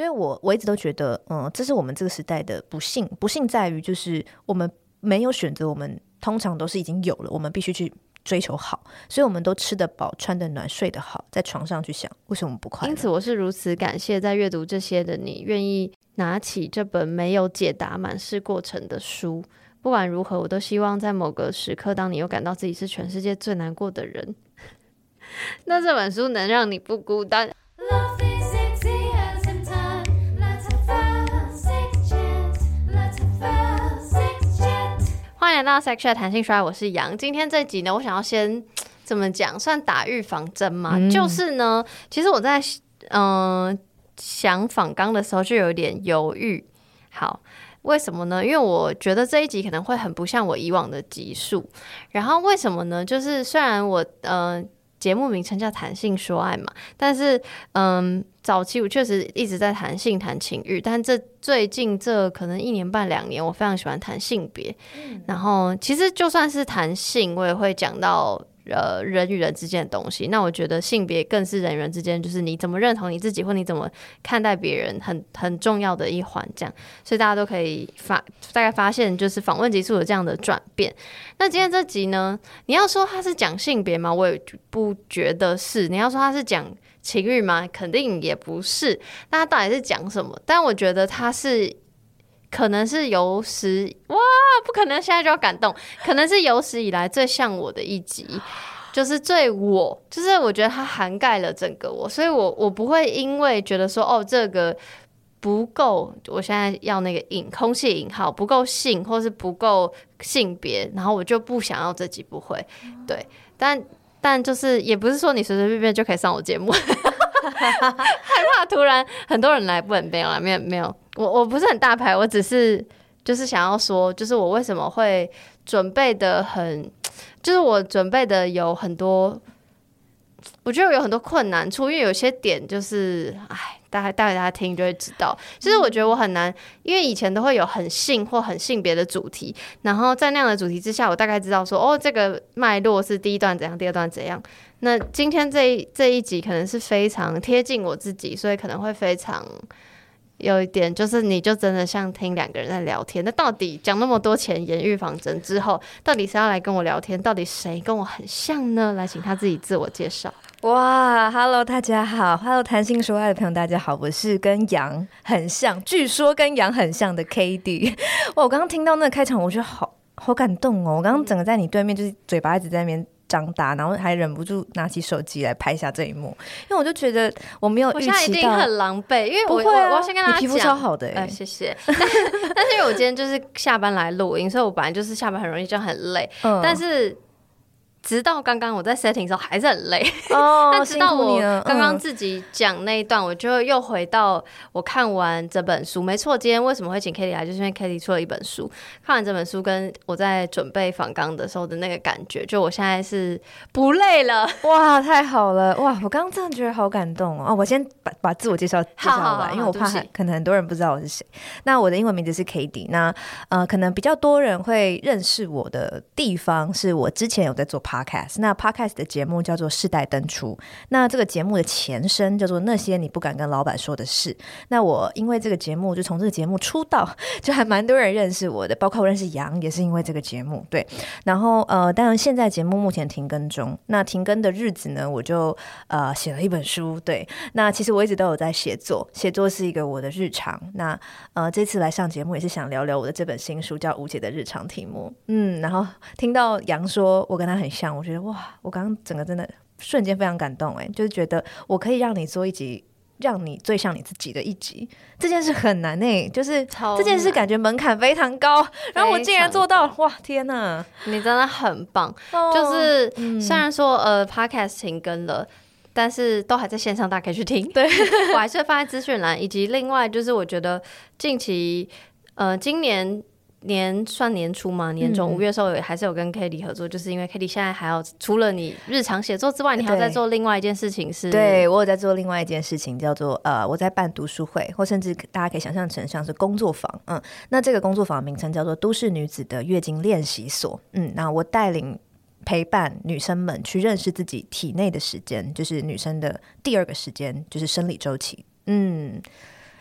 所以我，我我一直都覺得，嗯，這是我們這個時代的不幸。不幸在於，就是我們沒有選擇，我們通常都是已經有了，我們必須去追求好。所以，我們都吃得飽、穿得暖、睡得好，在床上去想，為什麼不快樂？因此，我是如此感謝在閱讀這些的你，願意拿起這本沒有解答、滿是過程的書。不管如何，我都希望在某個時刻，當你又感到自己是全世界最難過的人， 那這本書能讓你不孤單。Sex Chat 談性說愛，我是楊。今天這集呢，我想要先怎麼講，算打預防針嗎？嗯、就是呢，其實我在嗯、呃、想訪綱的時候就有點猶豫。好，為什麼呢？因為我覺得這一集可能會很不像我以往的集數。然後為什麼呢？就是雖然我嗯。呃節目名稱叫談性說愛嘛，但是嗯，早期我確實一直在談性談情欲，但這最近這可能一年半兩年，我非常喜歡談性別，嗯、然後其實就算是談性，我也會講到。呃，人與人之間的東西，那我覺得性別更是人與人之間，就是你怎麼認同你自己或你怎麼看待別人很，很很重要的一環。這樣，所以大家都可以發大概發現，就是訪問集數有這樣的轉變。那今天這集呢，你要說他是講性別嗎？我也不覺得是。你要說他是講情慾嗎？肯定也不是。那他到底是講什麼？但我覺得他是。可能是有史，哇，不可能現在就要感動。可能是有史以來最像我的一集， 就是最我，就是我覺得它涵蓋了整個我，所以我我不會因為覺得說，哦，這個不夠，我現在要那個引空氣引號不夠性，或是不夠性別，然後我就不想要這集不會。對，但但就是也不是說你隨隨便便就可以上我節目， 害怕突然 很多人來問，沒有啦，沒有沒有。我我不是很大牌，我只是就是想要說，就是我為什麼會準備的很，就是我準備的有很多，我覺得我有很多困難處，因為有些點就是，哎，大概帶給大家聽就會知道。其實我覺得我很難，因為以前都會有很性或很性別的主題，然後在那樣的主題之下，我大概知道說，哦，這個脈絡是第一段怎樣，第二段怎樣。那今天這一這一集可能是非常貼近我自己，所以可能會非常。有一點就是，你就真的像聽兩個人在聊天。那到底講那麼多前言、預防針之後，到底誰要來跟我聊天？到底誰跟我很像呢？來，請他自己自我介紹。哇，哈嘍，Hello, 大家好，哈嘍，談性說愛的朋友，大家好，我是跟楊很像，據說跟楊很像的 Cady。哇，我剛剛聽到那個開場，我覺得好好感動哦。我剛剛整個在你對面，就是嘴巴一直在那邊。長大，然後還忍不住拿起手機來拍下這一幕，因為我就覺得我沒有預期到，我現在一定很狼狽，因為我會、啊，我，我要先跟大家講，你皮膚超好的。欸，哎、呃，謝謝 但。但是因為我今天就是下班來錄音，所以我本來就是下班很容易就很累，嗯、但是。直到剛剛我在 setting 的時候還是很累，oh, 但直到我剛剛自己講那一段，嗯、我就又回到我看完這本書。沒錯，今天為什麼會請 Cady 來，就是因為 Cady 出了一本書。看完這本書，跟我在準備訪綱的時候的那個感覺，就我現在是不累了。哇，太好了，哇，我剛剛真的覺得好感動哦。哦我先把把自我介紹介紹完，好好好，因為我怕很西可能很多人不知道我是誰。那我的英文名字是 Cady 那呃，可能比較多人會認識我的地方是我之前有在做。Podcast 那 Podcast 的節目叫做世代登出，那這個節目的前身叫做那些你不敢跟老板說的事。那我因為這個節目就從這個節目出道，就還蠻多人認識我的，包括我認識楊也是因為這個節目。對，然後呃，當然現在節目目前停更中，那停更的日子呢，我就呃寫了一本書。對，那其實我一直都有在寫作，寫作是一個我的日常。那呃，這次來上節目也是想聊聊我的這本新書叫，叫無解的日常題目，嗯，然後聽到楊說我跟他很。想我覺得哇，我剛剛整個真的瞬間非常感動哎、欸，就是覺得我可以讓你做一集，讓你最像你自己的一集，這件事很難呢、欸，就是難這件事感覺門檻非常高，非常然後我竟然做到，哇天吶，你真的很棒！哦、就是、嗯、雖然說呃，Podcast 停更了，但是都還在線上，大家可以去聽，對， 我還是會放在資訊欄，以及另外就是我覺得近期呃，今年。年算年初嗎？年中、嗯、五月時候有還是有跟 Cady 合作，就是因為 Cady 現在還要除了你日常寫作之外，對你還要再做另外一件事情是。是對我有在做另外一件事情，叫做呃，我在辦讀書會，或甚至大家可以想象成像是工作坊。嗯，那這個工作坊名稱叫做《都市女子的月經練習所》。嗯，那我帶領陪伴女生們去認識自己體內的時間，就是女生的第二個時間，就是生理周期。嗯。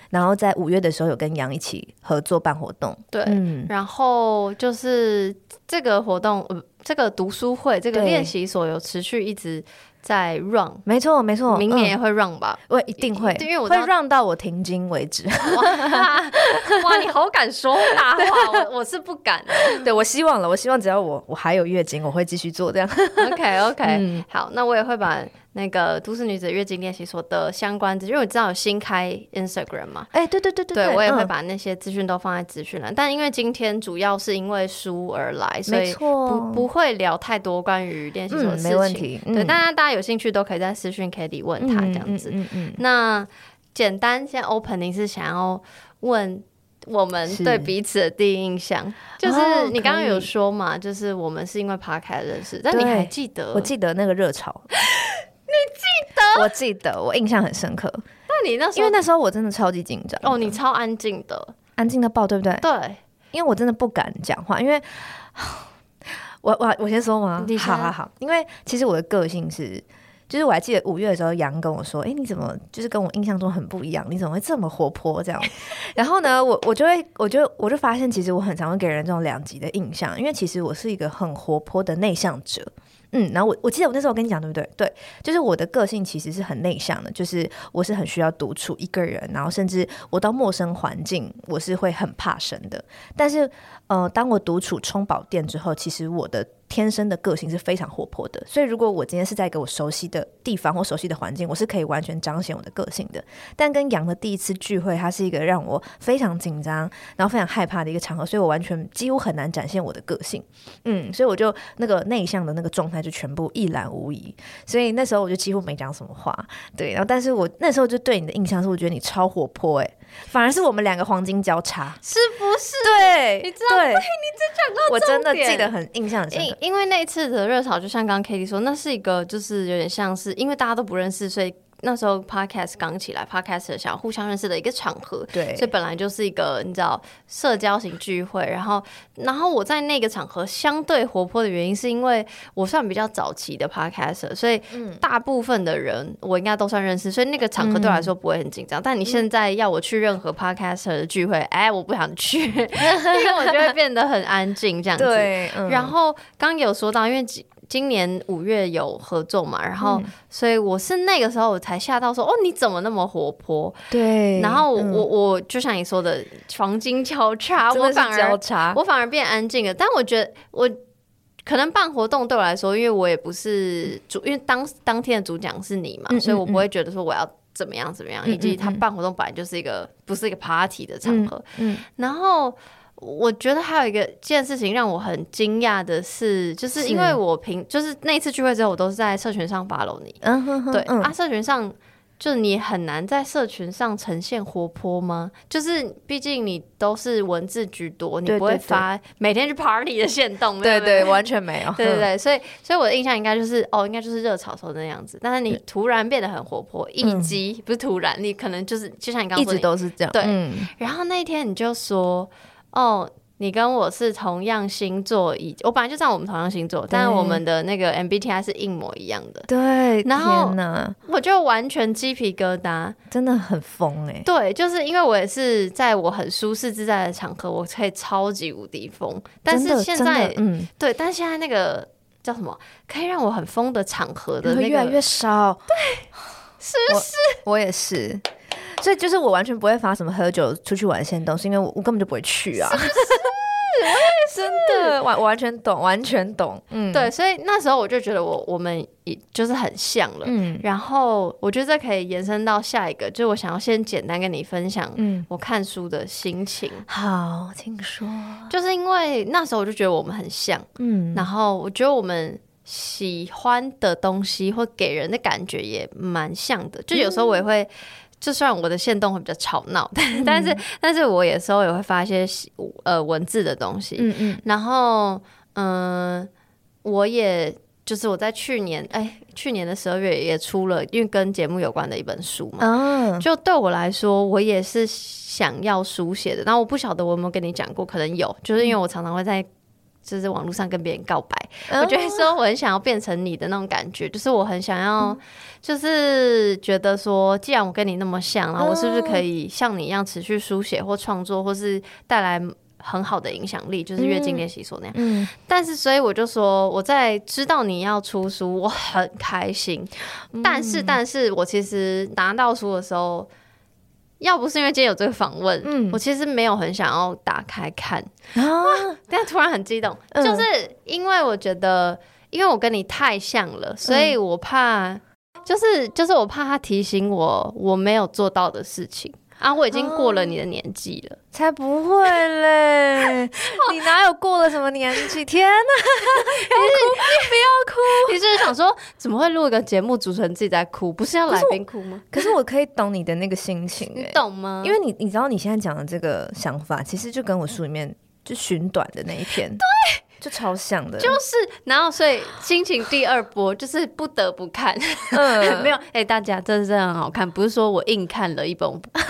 然後在五月的時候有跟楊一起合作辦活動，對，嗯，然後就是這個活動，呃。這個讀書會，這個練習所有持續一直在 run，沒錯沒錯，明年也會 run 吧？我一定會，因為我會 run 到我停經為止。哇，你好敢說大話，我我是不敢的。對，我希望了，我希望只要我我還有月經，我會繼續做這樣。OK OK，好，那我也會把那個都市女子月經練習所的相關資訊，因為我知道有新開 Instagram 嘛？哎，對對對對，我也會把那些資訊都放在資訊欄。但因為今天主要是因為書而來，所以不不會。會聊太多關於練習所的問題。對，當然大家有興趣都可以在私訊 Cady 問他這樣子。那簡單先 open，您是想要問我們對彼此的第一印象？就是你剛剛有說嘛，就是我們是因為爬開認識，但你還記得？我記得那個熱潮，你記得？我記得，我印象很深刻。那你那時候，因為那時候我真的超級緊張哦，你超安靜的，安靜的爆，對不對？對，因為我真的不敢講話，因為。我我我先說嘛，你先 好，好，好，因為其實我的個性是,就是我還記得五月的時候，楊跟我說，哎、欸，你怎麼就是跟我印象中很不一樣？你怎麼會這麼活潑這樣？ 然後呢，我我就會，我就我就發現，其實我很常會給人這種兩極的印象，因為其實我是一個很活潑的內向者。嗯，然後我我記得我那時候跟你講對不對？對，就是我的個性其實是很內向的，就是我是很需要獨處一個人，然後甚至我到陌生環境我是會很怕生的。但是，呃，當我獨處充飽電之後，其實我的。天生的個性是非常活潑的，所以如果我今天是在一個我熟悉的地方或熟悉的環境，我是可以完全彰顯我的個性的。但跟羊的第一次聚會，它是一個讓我非常緊張，然後非常害怕的一個場合，所以我完全幾乎很難展現我的個性。嗯，所以我就那個內向的那個狀態就全部一覽無遺。所以那時候我就幾乎沒講什麼話。對，然後但是我那時候就對你的印象是，我覺得你超活潑欸。反而是我們兩個黃金交叉，是不是？對，你知道對你講，我真的記得很印象很深。因，因為那一次的熱潮，就像剛剛 Cady 說，那是一個就是有點像是因為大家都不認識，所以。那時候 Podcast 剛起來 Podcast 想互相認識的一個場合，對，所以本來就是一個你知道社交型聚會。然後，然後我在那個場合相對活潑的原因，是因為我算比較早期的 Podcast，所以大部分的人我應該都算認識，嗯、所以那個場合對我來說不會很緊張。嗯、但你現在要我去任何 Podcast 的聚會，哎、嗯，我不想去， 因為我就會變得很安靜這樣子。對，嗯、然後剛有說到，因為。今年五月有合作嘛，然後，嗯、所以我是那個時候我才嚇到說：“哦，你怎麼那麼活潑？”對。然後我、嗯、我，我就像你說的，黃金交叉，交叉，我反而我反而變安靜了。但我覺得我可能辦活動對我來說，因為我也不是主，嗯、因為當當天的主講是你嘛，嗯、所以我不會覺得說我要怎麼樣怎麼樣，嗯、以及他辦活動本來就是一個不是一個 party 的場合。嗯，嗯然後。我覺得還有一個這件事情讓我很驚訝的是，就是因為我平就是那一次聚會之後，我都是在社群上 follow 你。嗯對啊，社群上就你很難在社群上呈現活潑嗎？就是畢竟你都是文字居多，你不會發每天去 party 的限動。對對，完全沒有。對對對，所以所以我的印象應該就是哦，應該就是熱炒的時候那樣子。但是你突然變得很活潑，一擊不是突然，你可能就是就像你剛一直都是這樣。對。然後那天你就說。哦，你跟我是同樣星座，以我本來就在我們同樣星座，對但我們的那個 MBTI 是一模一樣的。對，然後呢，我就完全雞皮疙瘩，真的很瘋哎、欸。對，就是因為我也是在我很舒適自在的場合，我可以超級無敵瘋。但是現在，嗯，對，但現在那個叫什麼，可以讓我很瘋的場合的那個越來越少，對，是不是？我，我也是。所以就是我完全不會發什麼喝酒、出去玩這些東西，因為我我根本就不會去啊。是是 真的完，我完全懂，完全懂。嗯，對，所以那時候我就覺得我我們一就是很像了。嗯，然後我覺得這可以延伸到下一個，就是我想要先簡單跟你分享，嗯，我看書的心情。嗯、好，請說。就是因為那時候我就覺得我們很像，嗯，然後我覺得我們喜歡的東西或給人的感覺也蠻像的，就有時候我也會。就算我的限動會比較吵鬧，嗯、但是但是我有時候也會發一些呃文字的東西，嗯嗯然後嗯、呃，我也就是我在去年哎，去年的十二月也出了，因為跟節目有關的一本書嘛，嗯、就對我來說，我也是想要書寫的，但我不曉得我有沒有跟你講過，可能有，就是因為我常常會在。就是網絡上跟別人告白，我覺得說我很想要變成你的那種感覺，就是我很想要，就是覺得說，既然我跟你那麼像，然後我是不是可以像你一樣持續書寫或創作，或是帶來很好的影響力，就是《月經練習所》那樣。但是所以我就說，我在知道你要出書，我很開心。但是，但是我其實拿到書的時候。要不是因為今天有這個訪問，嗯、我其實沒有很想要打開看，蛤啊、但突然很激動，嗯、就是因為我覺得，因為我跟你太像了，所以我怕，嗯、就是就是我怕他提醒我我沒有做到的事情。啊，我已經過了你的年紀了。哦，才不會嘞！ 你哪有過了什麼年紀？天哪！你你不要哭，你是，是想說怎麼會錄一個節目，主持人自己在哭？不是要來賓哭嗎？可？可是我可以懂你的那個心情，欸， 你懂嗎？因為你你知道你現在講的這個想法，其實就跟我書裡面就尋短的那一篇。對。就超像的，就是，然後所以心情第二波就是不得不看，嗯， 沒有，哎、欸，大家真的是很好看，不是說我硬看了一本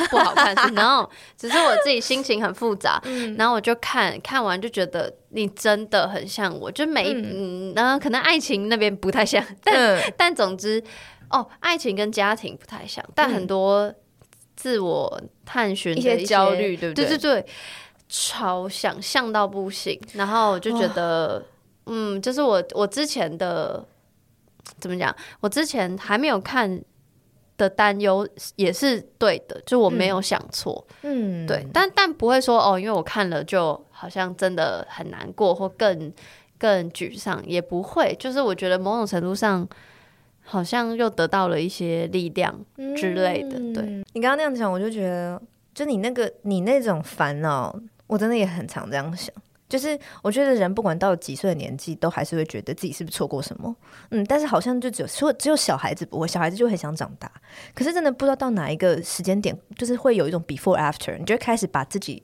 不好看， 是然後只是我自己心情很複雜，嗯、然後我就看看完就覺得你真的很像我，就每一嗯，然後可能愛情那邊不太像，但、嗯、但總之哦，愛情跟家庭不太像，但很多自我探尋、的一些焦慮，對不對？對對對。超想象到不行，然後我就覺得，哦、嗯，就是我我之前的怎麼講，我之前還沒有看的擔憂也是對的，就我沒有想錯，嗯，對，但但不會說哦，因為我看了就好像真的很難過或更更沮喪，也不會，就是我覺得某種程度上好像又得到了一些力量之類的。嗯、對你剛剛那樣講，我就覺得，就你那個你那種煩惱。我真的也很常這樣想，就是我覺得人不管到幾歲的年紀，都還是會覺得自己是不是錯過什麼。嗯，但是好像就只有說只有小孩子，我小孩子就很想長大。可是真的不知道到哪一個時間點，就是會有一種 before after，你就開始把自己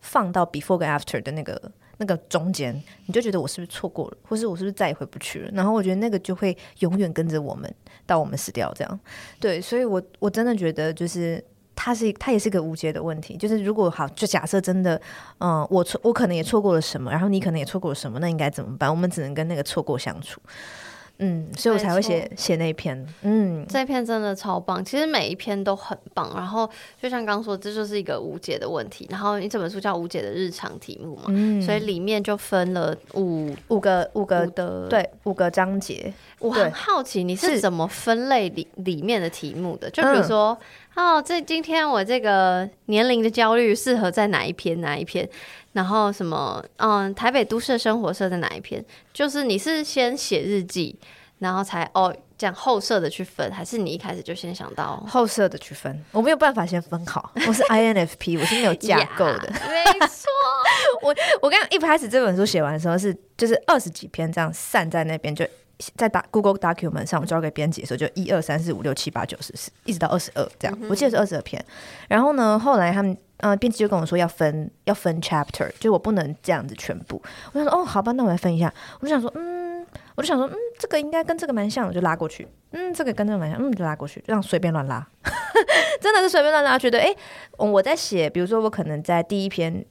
放到 before 跟 after 的那個那個中間，你就覺得我是不是錯過了，或是我是不是再也回不去了？然後我覺得那個就會永遠跟着我們到我們死掉，這樣。對，所以我我真的覺得就是。它是它也是一個無解的問題，就是如果好，就假設真的，嗯、呃，我錯，我可能也錯過了什麼，然後你可能也錯過了什麼，那應該怎麼辦？我們只能跟那個錯過相處。嗯，所以我才會寫寫沒錯，那一篇。嗯，這一篇真的超棒，其實每一篇都很棒。然後就像剛剛說，這就是一個無解的問題。然後你這本書叫《無解的日常題目》嘛，嗯、所以裡面就分了五五個五個的五對五個章節。我很好奇你是，是怎麼分類裡裡面的題目的？就比如說。嗯哦，這今天我這個年齡的焦慮適合在哪一篇哪一篇？然後什麼？嗯，台北都市的生活社在哪一篇？就是你是先寫日記，然後才哦這樣後設的去分，還是你一開始就先想到後設的去分？我沒有辦法先分好，我是 INFP， 我是沒有架構的。Yeah, 沒錯， 我我剛剛一開始這本書寫完的時候是就是二十幾篇這樣散在那邊就。在打 Google Document 上交給編輯的時候，就一二三四五六七八九十十，一直到二十二這樣。嗯、哼我記得是二十二篇。然後呢，後來他們、呃、編輯就跟我說要分要分 chapter，就我不能這樣子全部。我想說哦，好吧，那我來分一下。我就想說嗯，我就想說嗯，這個應該跟這個蠻像，我就拉過去。嗯，這個跟這個蠻像，嗯，就拉過去，就這樣隨便亂拉。 真的是隨便亂拉，覺得哎，我在寫，比如說我可能在第一篇，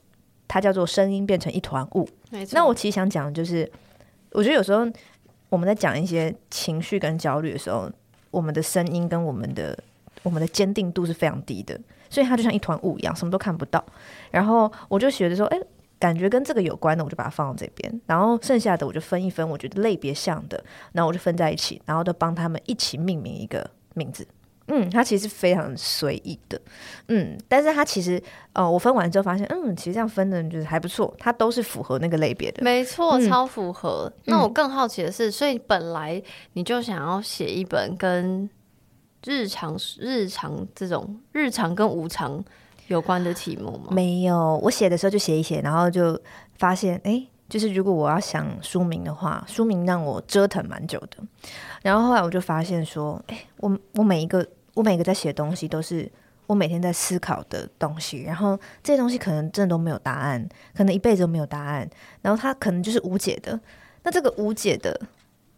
它叫做聲音變成一團霧。錯那我其實想講的就是，我覺得有時候。我們在講一些情緒跟焦慮的時候，我們的聲音跟我們的我們的堅定度是非常低的，所以它就像一團霧一樣，什麼都看不到。然後我就學着說，哎，感覺跟這個有關的，我就把它放到這邊，然後剩下的我就分一分，我覺得類別像的，然後我就分在一起，然後都幫他們一起命名一個名字。嗯，它其實是非常隨意的，嗯，但是它其實，呃，我分完之後發現，嗯，其實這樣分的就是還不錯，它都是符合那個類別的，沒錯，嗯、超符合。嗯、那我更好奇的是，所以本來你就想要寫一本跟日常、日常這種日常跟無常有關的題目嗎？沒有，我寫的時候就寫一寫，然後就發現，哎、欸，就是如果我要想書名的話，書名讓我折騰蠻久的。然後後來我就發現說，誒、欸，我我每一個我每一個在寫的東西都是我每天在思考的東西。然後這些東西可能真的都沒有答案，可能一輩子都沒有答案。然後它可能就是無解的。那這個無解的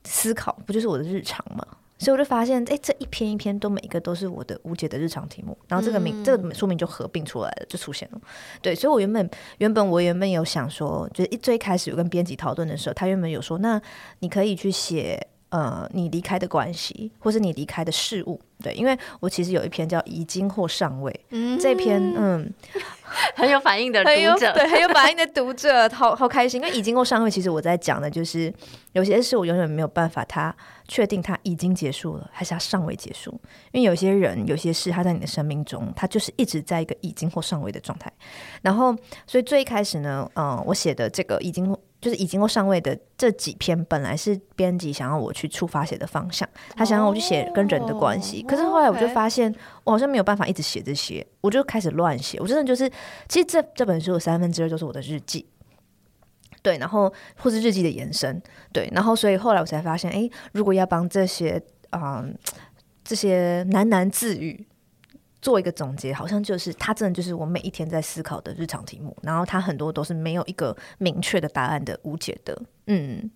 思考，不就是我的日常嗎？所以我就發現，誒、欸，這一篇一篇都每一個都是我的無解的日常題目。然後這個名這個說明就合併出來了，就出現了。對，所以，我原本原本我原本有想說，就一最開始有跟編輯討論的時候，他原本有說，那你可以去寫，呃，你離開的關係，或是你離開的事物，對，因為我其實有一篇叫“已經或尚未”，嗯、這篇嗯 很有反應的讀者，對，很有反應的讀者， 好好開心。因為“已經或尚未”，其實我在講的就是有些事我永遠沒有辦法，他確定他已經結束了，還是他尚未結束。因為有些人有些事，他在你的生命中，他就是一直在一個“已經或尚未”的狀態。然後，所以最一開始呢，嗯、呃，我寫的這個“已經”。就是已經夠上位的這幾篇，本來是編輯想要我去觸發寫的方向，哦、他想要我去寫跟人的關係，可是後來我就發現，哦 okay、我好像沒有辦法一直寫這些，我就開始亂寫。我真的就是，其實這這本書有三分之二就是我的日記，對，然後或是日記的延伸，對，然後所以後來我才發現，哎、欸，如果要幫這些啊、呃、這些喃喃自語。做一個總結，好像就是他真的就是我每一天在思考的日常題目，然後他很多都是沒有一個明確的答案的，無解的。嗯，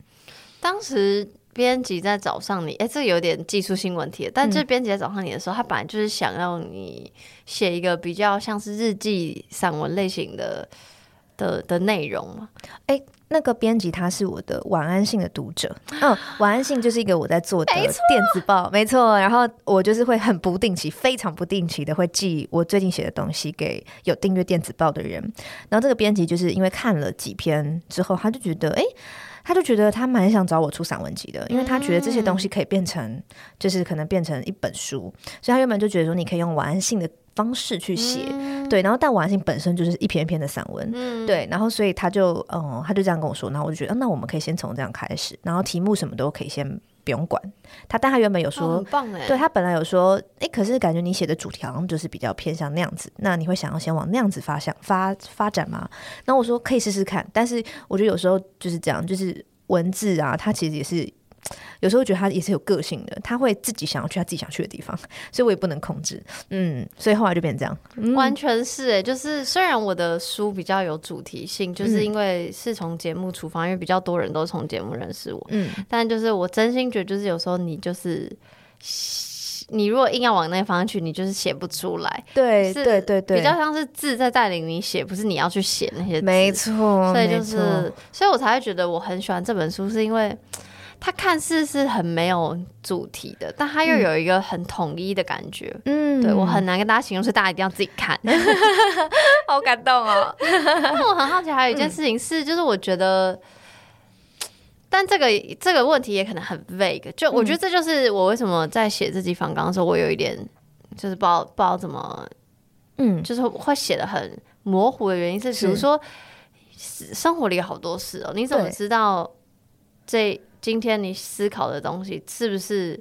當時編輯在找上你，哎、欸，這有點技術性問題，但這編輯在找上你的時候，嗯、他本來就是想要你寫一個比較像是日記散文類型的的的內容嘛，欸那個編輯他是我的晚安信的讀者，嗯，晚安信就是一個我在做的電子報，沒錯，沒錯。然後我就是會很不定期，非常不定期的會寄我最近寫的東西給有訂閱電子報的人。然後這個編輯就是因為看了幾篇之後，他就覺得，哎，欸，他就覺得他蠻想找我出散文集的，因為他覺得這些東西可以變成，嗯，就是可能變成一本書，所以他原本就覺得說，你可以用晚安信的。方式去寫，嗯、對，然後但完形本身就是一篇一篇的散文，嗯、對，然後所以他就嗯，他就這樣跟我說，然後我就覺得，啊、那我們可以先從這樣開始，然後題目什麼都可以先不用管他，但他原本有說，嗯、很棒，對他本來有說，哎、欸，可是感覺你寫的主題就是比較偏向那樣子，那你會想要先往那樣子方向發發，發展嗎？那我說可以試試看，但是我覺得有時候就是這樣，就是文字啊，它其實也是。有時候覺得他也是有個性的，他會自己想要去他自己想去的地方，所以我也不能控制。嗯，所以後來就變成這樣，完全是哎、欸，就是雖然我的書比較有主題性，嗯、就是因為是從節目出發，因為比較多人都從節目認識我，嗯，但就是我真心覺得，就是有時候你就是你如果硬要往那個方向去，你就是寫不出來。對，是，對，對，對，比較像是字在帶領你寫，不是你要去寫那些字。沒錯錯，所以就是，錯所以我才會覺得我很喜歡這本書，是因為。他看似是很沒有主題的，但他又有一個很統一的感覺。嗯，對我很難跟大家形容，所以大家一定要自己看。嗯、 好感動哦！ 但我很好奇，還有一件事情是，就是我覺得，嗯、但這個這個問題也可能很 vague。就我覺得這就是我為什麼在寫自己訪綱的時候，嗯、我有一點就是不知道不知道怎麼，嗯，就是會寫得很模糊的原因是，是比如說生活裡有好多事哦、喔，你怎麼知道這？今天你思考的東西是不是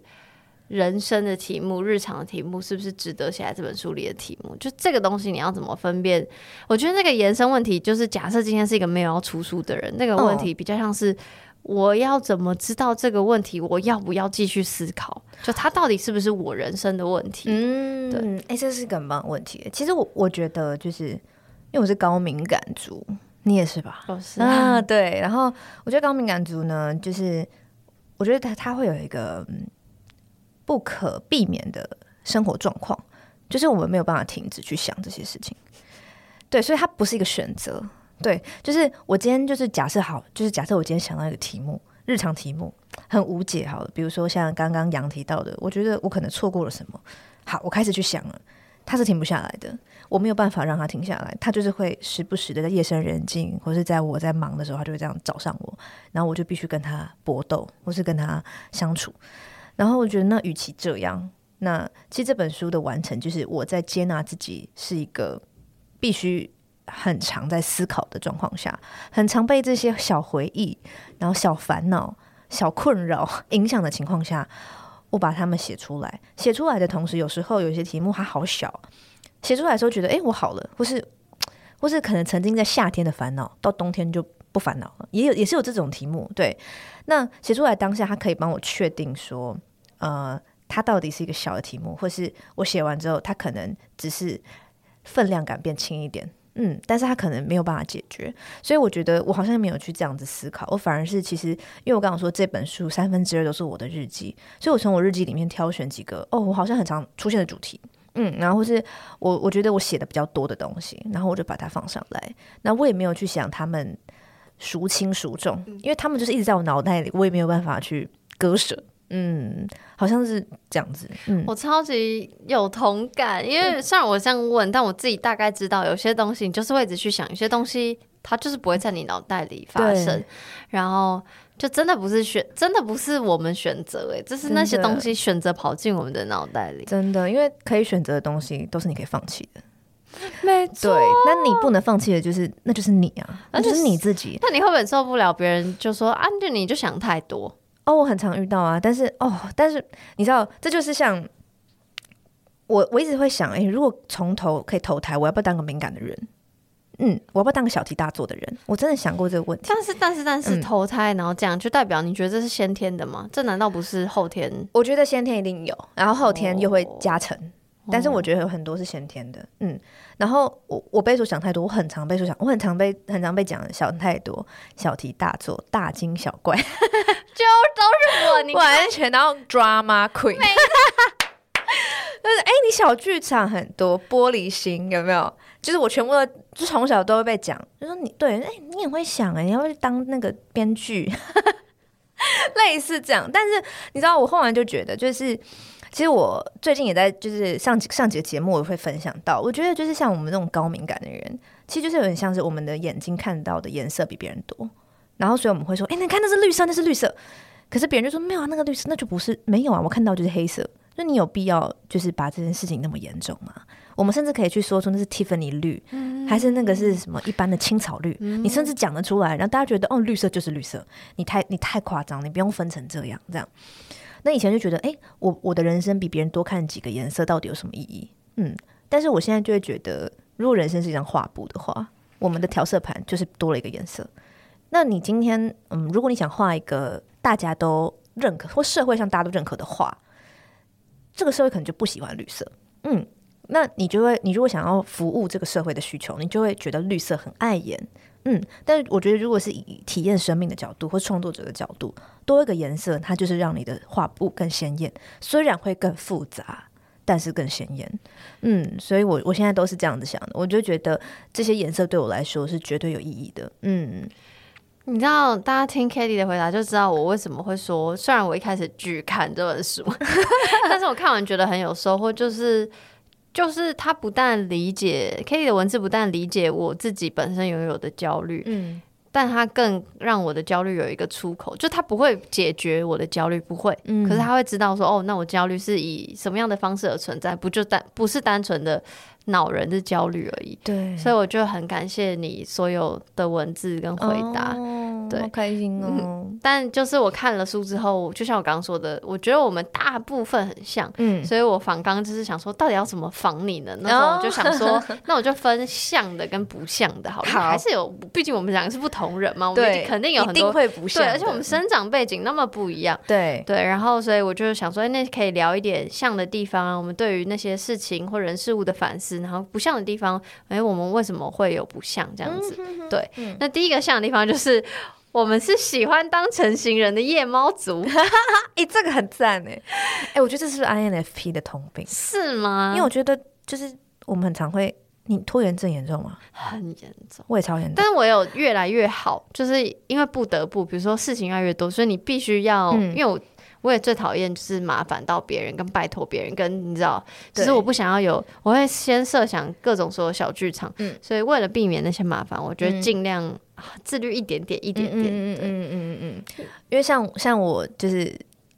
人生的題目、日常的題目，是不是值得寫在這本書裡的題目？就這個東西，你要怎麼分辨？我覺得那個延伸問題就是：假設今天是一個沒有要出書的人，那個問題比較像是我要怎麼知道這個問題，我要不要繼續思考？就它到底是不是我人生的問題？嗯，對。哎、欸，這是個很棒的問題。其實我我覺得就是，因為我是高敏感族。你也是吧？哦，是啊，啊，對。然後我覺得高敏感族呢，就是我覺得他他會有一個不可避免的生活狀況，就是我們沒有辦法停止去想這些事情。對，所以他不是一個選擇。對，就是我今天就是假設好，就是假設我今天想到一個題目，日常題目很無解，好了，比如說像剛剛楊提到的，我覺得我可能錯過了什麼。好，我開始去想了，他是停不下來的。我沒有辦法讓他停下來，他就是會時不時的在夜深人靜，或者是在我在忙的時候，他就會這樣找上我，然後我就必須跟他搏鬥，或是跟他相處。然後我覺得，那與其這樣，那其實這本書的完成，就是我在接納自己是一個必須很常在思考的狀況下，很常被這些小回憶、然後小煩惱、小困擾影響的情況下，我把他們寫出來。寫出來的同時，有時候有些題目還好小。寫出來的時候覺得，哎、欸，我好了，或是或是可能曾經在夏天的煩惱，到冬天就不煩惱了，也有也是有這種題目，對。那寫出來當下，他可以幫我確定說，呃，他到底是一個小的題目，或是我寫完之後，他可能只是分量感變輕一點，嗯，但是他可能沒有辦法解決，所以我覺得我好像沒有去這樣子思考，我反而是其實，因為我剛剛說這本書三分之二都是我的日記，所以我從我日記裡面挑選幾個，哦，我好像很常出現的主題。嗯，然後是我我覺得我寫的比較多的東西，然後我就把它放上來。那我也沒有去想他們孰輕孰重，因為他們就是一直在我腦袋裡，我也沒有辦法去割捨。嗯，好像是這樣子。嗯，我超級有同感，因為雖然我這樣問，但我自己大概知道，有些東西你就是會一直去想，有些東西它就是不會在你腦袋裡發生。對然後。就真的不是選，真的不是我們選擇哎，就是那些東西選擇跑進我們的腦袋裡。真的，因為可以選擇的東西都是你可以放棄的，沒錯。對，那你不能放棄的就是，那就是你啊，那就是、那就是你自己。那你會不會受不了別人就說啊，就你就想太多哦？我很常遇到啊，但是哦，但是你知道，這就是像我，我一直會想，哎，如果從頭可以投胎，我要不要當個敏感的人？嗯，我要不要當個小題大做的人？我真的想過這個問題。但是，但是，但是，投胎、嗯、然後這樣，就代表你覺得這是先天的嗎？這難道不是後天？我覺得先天一定有，然後後天又會加成。哦、但是我覺得有很多是先天的。哦、嗯，然後我我被說想太多，我很常被說想，我很常被很常被講小太多、小題大做、大驚小怪， 就都是我，你完全那種 drama queen。是哎，你小劇場很多，玻璃心有沒有？就是我全部都就從小都會被講，就說你對誒、欸，你也會想誒、欸，你要去當那個編劇。 類似這樣。但是你知道，我後來就覺得，就是其實我最近也在就是上幾上幾個節目，我會分享到，我覺得就是像我們這種高敏感的人，其實就是有點像是我們的眼睛看到的顏色比別人多，然後所以我們會說，哎、欸，你看那是綠色，那是綠色，可是別人就說沒有啊，那個綠色那就不是沒有啊，我看到就是黑色，那你有必要就是把這件事情那麼嚴重嗎？我們甚至可以去說出那是 Tiffany 綠，還是那個是什麼一般的青草綠？嗯、你甚至講得出來，讓大家覺得哦，綠色就是綠色。你太你太誇張，你不用分成這樣這樣。那以前就覺得，誒，我我的人生比別人多看幾個顏色到底有什麼意義？嗯，但是我現在就會覺得，如果人生是一張畫布的話，我們的調色盤就是多了一個顏色。那你今天，嗯，如果你想畫一個大家都認可，或社會上大家都認可的畫，這個社會可能就不喜歡綠色。嗯。那你就會，你如果想要服務這個社會的需求，你就會覺得綠色很礙眼，嗯。但是我覺得，如果是以體驗生命的角度或創作者的角度，多一個顏色，它就是讓你的畫布更鮮豔。雖然會更複雜，但是更鮮豔。嗯，所以我我現在都是這樣子想的。我就覺得這些顏色對我來說是絕對有意義的。嗯，你知道，大家聽 Cady 的回答就知道我為什麼會說，雖然我一開始拒看這本書， 但是我看完覺得很有收穫，就是。就是他不但理解 Cady 的文字，不但理解我自己本身擁有的焦慮，嗯，但他更讓我的焦慮有一個出口。就他不會解決我的焦慮，不會，嗯，可是他會知道說，哦，那我焦慮是以什麼樣的方式而存在？不就單不是單純的，惱人的焦慮而已。對，所以我就很感謝你所有的文字跟回答。Oh, 對，好開心哦、嗯。但就是我看了書之後，就像我剛剛說的，我覺得我們大部分很像。嗯。所以我訪綱就是想說，到底要怎麼訪你呢？那我就想說，oh? 那我就分像的跟不像的好了，好。好。因為還是有，畢竟我們兩個是不同人嘛。好我們肯定有很多，一定會不像。對，而且我們生長背景那麼不一樣。對。對，然後所以我就想說、欸，那可以聊一點像的地方。我們對於那些事情或人事物的反思。然後不像的地方，哎、欸，我們為什麼會有不像這樣子？嗯、哼哼對，嗯、那第一個像的地方就是我們是喜歡當晨型人的夜貓族。哎、 欸，這個很贊哎！哎、欸，我覺得這是 INFP 的通病是嗎？因為我覺得就是我們很常會，你拖延症嚴重嗎？很嚴重，我也超嚴重，但是我有越來越好，就是因為不得不，比如說事情越來越多，所以你必須要，嗯、因為我。我也最討厭就是麻煩到別人，跟拜託別人，跟你知道，可對是我不想要有，我會先設想各種所有小劇場，嗯、所以為了避免那些麻煩，我覺得盡量自律一點點，一點點，嗯嗯嗯嗯，因為像像我就是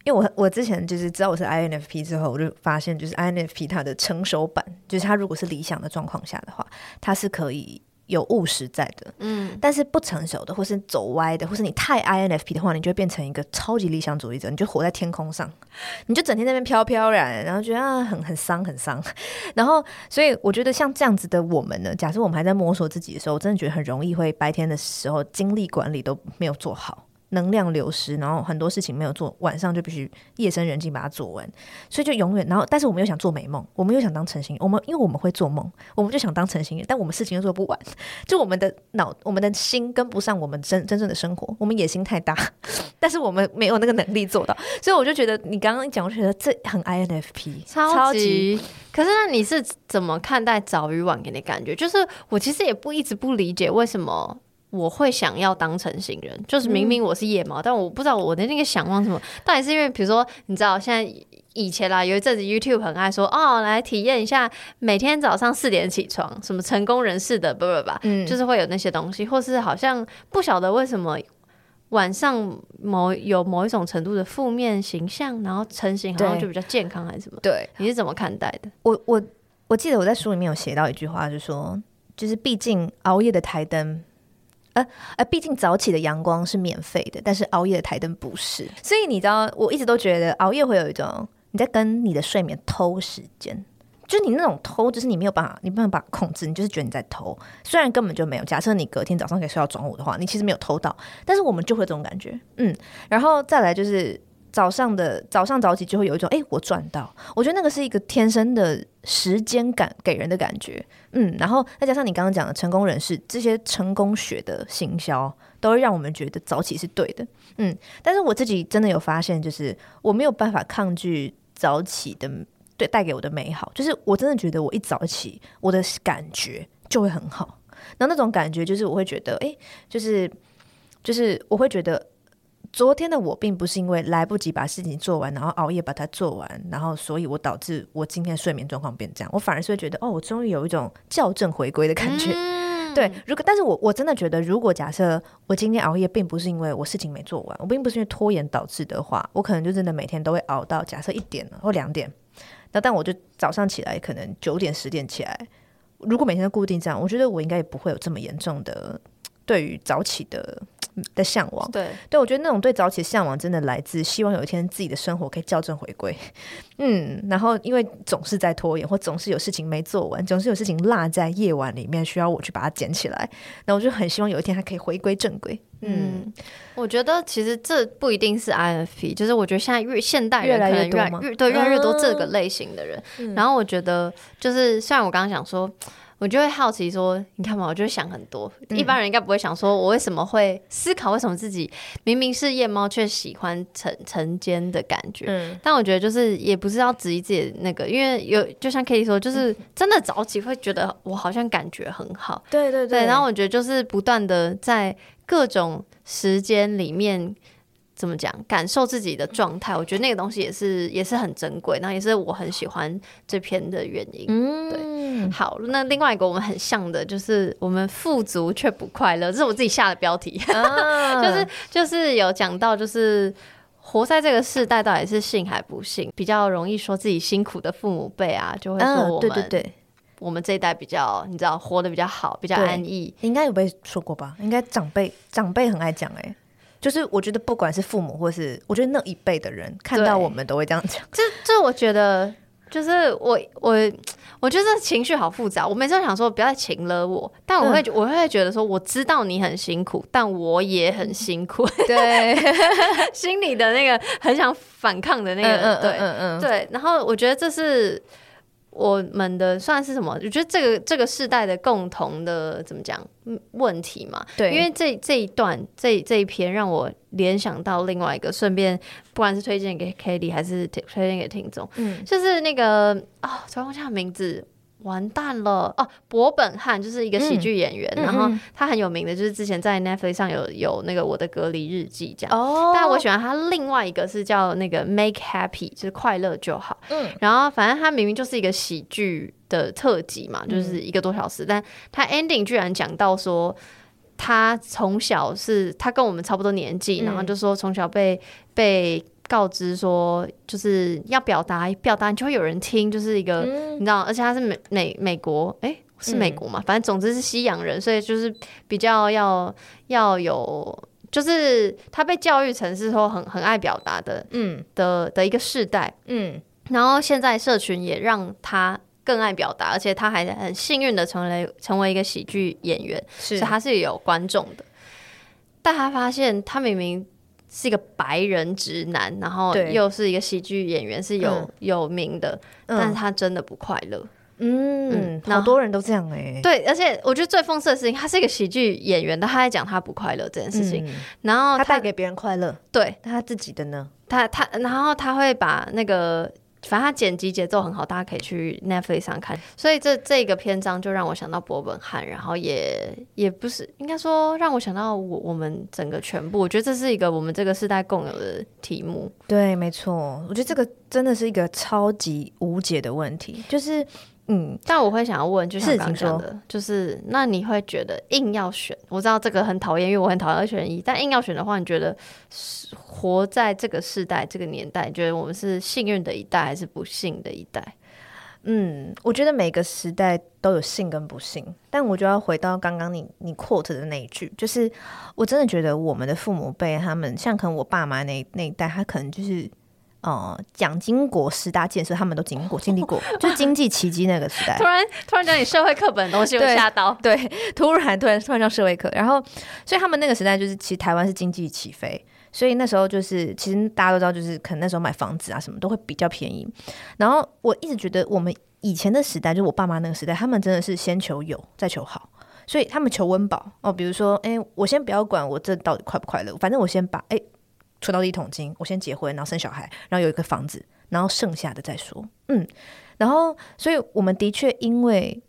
因為我我之前就是知道我是 INFP 之後，我就發現就是 INFP 它的成熟版，就是它如果是理想的狀況下的話，它是可以。有務實在的，嗯，但是不成熟的，或是走歪的，或是你太 INFP 的話，你就會變成一個超級理想主義者，你就活在天空上，你就整天在那邊飄飄然，然後覺得啊很很傷很傷，然後所以我覺得像這樣子的我們呢，假設我們還在摸索自己的時候，我真的覺得很容易會白天的時候精力管理都沒有做好。能量流失，然後很多事情沒有做，晚上就必須夜深人靜把它做完，所以就永遠。然後，但是我們又想做美夢，我們又想當晨型人，我們因為我們會做夢，我們就想當晨型人。但我們事情又做不完，就我們的腦、我們的心跟不上我們真真正的生活，我們野心太大，但是我們沒有那個能力做到。 所以我就覺得你剛剛一講，我覺得這很 INFP，超級。超級。可是那你是怎麼看待早與晚給你感覺？就是我其實也不一直不理解為什麼。我會想要當晨型人，就是明明我是夜貓，嗯、但我不知道我的那個想望什麼。到底是因為，比如說，你知道現在以前啦，有一陣子 YouTube 很愛說哦，來體驗一下每天早上四點起床，什麼成功人士的不不吧，嗯、就是會有那些東西，或是好像不曉得為什麼晚上某有某一種程度的負面形象，然後晨型好像就比較健康還是什麼？對，對你是怎麼看待的？我我我記得我在書裡面有寫到一句話，就是、說就是畢竟熬夜的檯燈。呃呃，畢竟早起的陽光是免費的，但是熬夜的台燈不是。所以你知道，我一直都覺得熬夜會有一種你在跟你的睡眠偷時間，就你那種偷，就是你沒有辦法，你沒有辦法控制，你就是覺得你在偷，雖然根本就沒有。假設你隔天早上可以睡到中午的話，你其實沒有偷到，但是我們就會這種感覺。嗯，然後再來就是。早上的早上早起就會有一種哎，我賺到！我覺得那個是一個天生的時間感給人的感覺，嗯，然後再加上你剛剛講的成功人士這些成功學的行銷，都會讓我們覺得早起是對的，嗯。但是我自己真的有發現，就是我沒有辦法抗拒早起的對，帶給我的美好，就是我真的覺得我一早起，我的感覺就會很好。那那種感覺就是我會覺得，哎，就是就是我會覺得。昨天的我並不是因為來不及把事情做完，然後熬夜，把它做完，然後所以我導致我今天睡眠狀況變這樣。我反而是會覺得，哦，我終於有一種校正回歸的感覺。嗯、對，如果但是我我真的覺得，如果假設我今天熬夜並不是因為我事情沒做完，我並不是因為拖延導致的話，我可能就真的每天都會熬到假設一點或兩點。那但我就早上起來可能九點十點起來，如果每天都固定這樣，我覺得我應該也不會有這麼嚴重的對於早起的。的嚮往，對，對我覺得那種對早起的嚮往，真的來自希望有一天自己的生活可以校正回歸。嗯，然後因為總是在拖延，或總是有事情沒做完，總是有事情落在夜晚裡面，需要我去把它撿起來。那我就很希望有一天還可以回歸正軌。嗯，我覺得其實這不一定是 INFP，就是我覺得現在越現代人可能越來越多嘛，對、嗯、越來越多這個類型的人。然後我覺得就是，雖然我剛剛講說，我就會好奇說，你看嘛，我就會想很多。嗯、一般人應該不會想說，我為什麼會思考，為什麼自己明明是夜貓卻喜歡晨晨型的感覺？嗯、但我覺得就是也不是要質疑自己的那個，因為有就像 Cady 說，就是真的早起會覺得我好像感覺很好。嗯、對對對。然後我覺得就是不斷的在各種時間裡面怎麼講，感受自己的狀態，我覺得那個東西也是也是很珍貴，那也是我很喜歡這篇的原因。嗯。對嗯、好，那另外一個我們很像的就是我們富足卻不快樂，這是我自己下的標題，嗯、 就是就是有講到就是活在這個世代到底是幸還不幸，比較容易說自己辛苦的父母輩啊，就會說我們、嗯、對對對，我們這一代比較你知道活得比較好，比較安逸，對應該有被說過吧？應該長輩長輩很愛講哎、欸，就是我覺得不管是父母或是我覺得那一輩的人對看到我們都會這樣講，這這我覺得就是我我。我覺得這情緒好複雜，我每次都想說不要再情勒我，但我會、嗯、我會覺得說我知道你很辛苦，但我也很辛苦， 對， 心裡的那個很想反抗的那個，對，對，然後我覺得這是。我們的算是什麼？我覺得這個這個世代的共同的怎麼講問題嘛？對，因為這這一段這這一篇讓我聯想到另外一個，順便不管是推薦給 Cady 還是推薦給聽眾，嗯、就是那個哦，啊，叫什麼名字？完蛋了哦，啊、博本漢就是一個喜劇演員，嗯、然後他很有名的，就是之前在 Netflix 上有有那個《我的隔離日記》這樣。哦、但我喜歡他另外一個是叫那個《Make Happy》，就是快樂就好。嗯，然後反正他明明就是一個喜劇的特輯嘛，就是一個多小時，嗯、但他 ending 居然講到說他從小是他跟我們差不多年紀，嗯、然後就說從小被被。告知說，就是要表達，表達就會有人聽，就是一個，嗯、你知道，而且他是美美美國，哎、欸，是美國嘛？嗯、反正總之是西洋人，所以就是比較要要有，就是他被教育成是說很很愛表達的，嗯，的的一個世代，嗯，然後現在社群也讓他更愛表達，而且他還很幸運的成為成為一個喜劇演員，是所以他是有觀眾的，但他發現他明明。是一個白人直男，然後又是一個喜劇演員，對是有、嗯、有名的，但是他真的不快樂。嗯，嗯後好多人都這樣哎、欸。對，而且我覺得最諷刺的事情，他是一個喜劇演員，但他在講他不快樂這件事情，嗯、然後他帶給別人快樂，對他自己的呢？他他，然後他會把那個。反正它剪輯節奏很好，大家可以去 Netflix 上看。所以這這一個篇章就讓我想到伯本漢，然後也也不是應該說讓我想到我我們整個全部，我覺得這是一個我們這個世代共有的題目。對，沒錯，我覺得這個真的是一個超級無解的問題，就是。嗯，但我會想要問，就像剛剛說的，是說就是那你會覺得硬要選？我知道這個很討厭，因為我很討厭二選一。但硬要選的話，你覺得是活在這個時代、這個年代，你覺得我們是幸運的一代還是不幸的一代？嗯，我覺得每個時代都有幸跟不幸。但我就要回到剛剛你你 quote 的那一句，就是我真的覺得我們的父母輩，他們像可能我爸媽那那一代，他可能就是。呃，蔣經國十大建設，他們都經過經歷過，就經濟奇蹟那個時代。突然，突然講你社會課本的東西， 對我嚇到。對，突然，突然，突然講社會課，然後，所以他們那個時代就是，其實台灣是經濟起飛，所以那時候就是，其實大家都知道，就是可能那時候買房子啊什麼都會比較便宜。然後我一直覺得，我們以前的時代，就是、我爸媽那個時代，他們真的是先求有，再求好，所以他們求溫飽哦。比如說，哎、欸，我先不要管我這到底快不快樂，反正我先把哎。欸出到第一桶金，我先結婚，然後生小孩，然後有一個房子，然後剩下的再說。嗯，然後，所以我們的確因為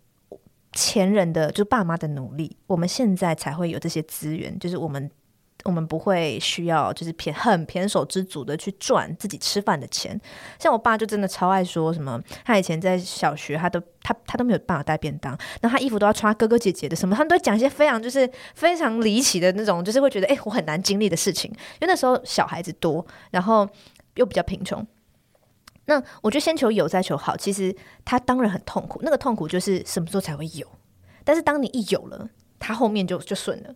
前人的就是、爸媽的努力，我們現在才會有這些資源，就是我們。我們不會需要，就是很胼手胝足的去賺自己吃飯的錢。像我爸就真的超愛說什麼，他以前在小學他，他都他他都沒有辦法帶便當，然後他衣服都要穿哥哥姐姐的什麼，他們都會講一些非常就是非常離奇的那種，就是會覺得哎、欸，我很難經歷的事情。因為那時候小孩子多，然後又比較貧窮。那我覺得先求有，再求好，其實他當然很痛苦，那個痛苦就是什麼時候才會有。但是當你一有了，他後面就就順了。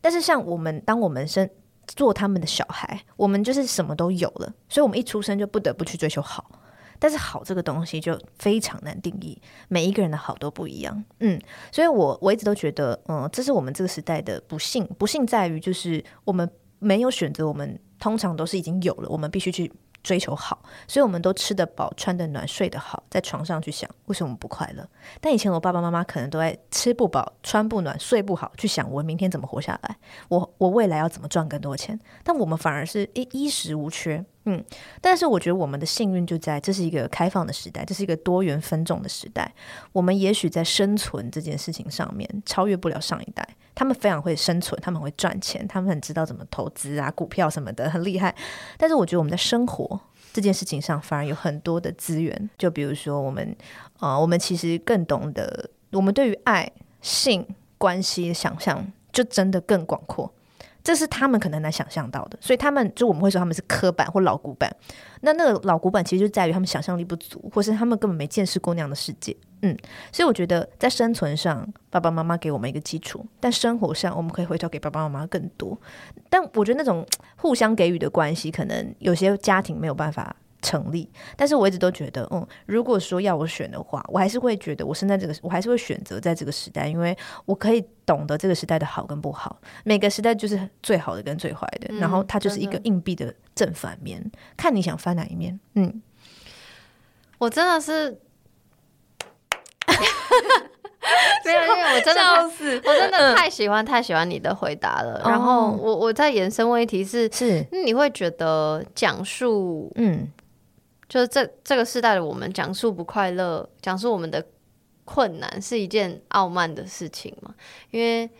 但是，像我們，當我們生做他們的小孩，我們就是什麼都有了，所以我們一出生就不得不去追求好。但是，好這個東西就非常難定義，每一個人的好都不一樣。嗯，所以我我一直都覺得，嗯，這是我們這個時代的不幸。不幸在於，就是我們沒有選擇，我們通常都是已經有了，我們必須去。追求好，所以我們都吃得飽、穿得暖、睡得好，在床上去想為什麼我們不快樂。但以前我爸爸媽媽可能都在吃不飽、穿不暖、睡不好，去想我明天怎麼活下來，我我未來要怎麼賺更多錢。但我們反而是衣衣食無缺，嗯。但是我覺得我們的幸運就在這是一個開放的時代，這是一個多元分眾的時代。我們也許在生存這件事情上面超越不了上一代。他們非常會生存，他們會賺錢，他們很知道怎麼投資啊，股票什麼的很厲害。但是我覺得我們在生活這件事情上反而有很多的資源，就比如說我們啊、呃，我們其實更懂得我們對於愛、性關係想象就真的更廣闊。這是他們可能很難想象到的，所以他們就我們會說他們是刻板或老古板。那那個老古板其實就在於他們想象力不足，或是他們根本沒見識過那樣的世界。嗯，所以我覺得在生存上，爸爸媽媽給我們一個基礎，但生活上我們可以回頭給爸爸媽媽更多。但我覺得那種互相給予的關係，可能有些家庭沒有辦法成立。但是我一直都覺得，嗯，如果說要我選的話，我還是會覺得，我生在這個，我還是會選擇在這個時代，因為我可以懂得這個時代的好跟不好。每個時代就是最好的跟最壞的，嗯，然後它就是一個硬幣的正反面，真的。看你想翻哪一面。嗯，我真的是。哈哈， 沒有，因為我真的是，死我真的太喜歡、嗯、太喜歡你的回答了。然後我我在延伸問題是是、嗯，你會覺得講述，嗯，就是這這個世代的我們講述不快樂，講述我們的困難是一件傲慢的事情嗎？因為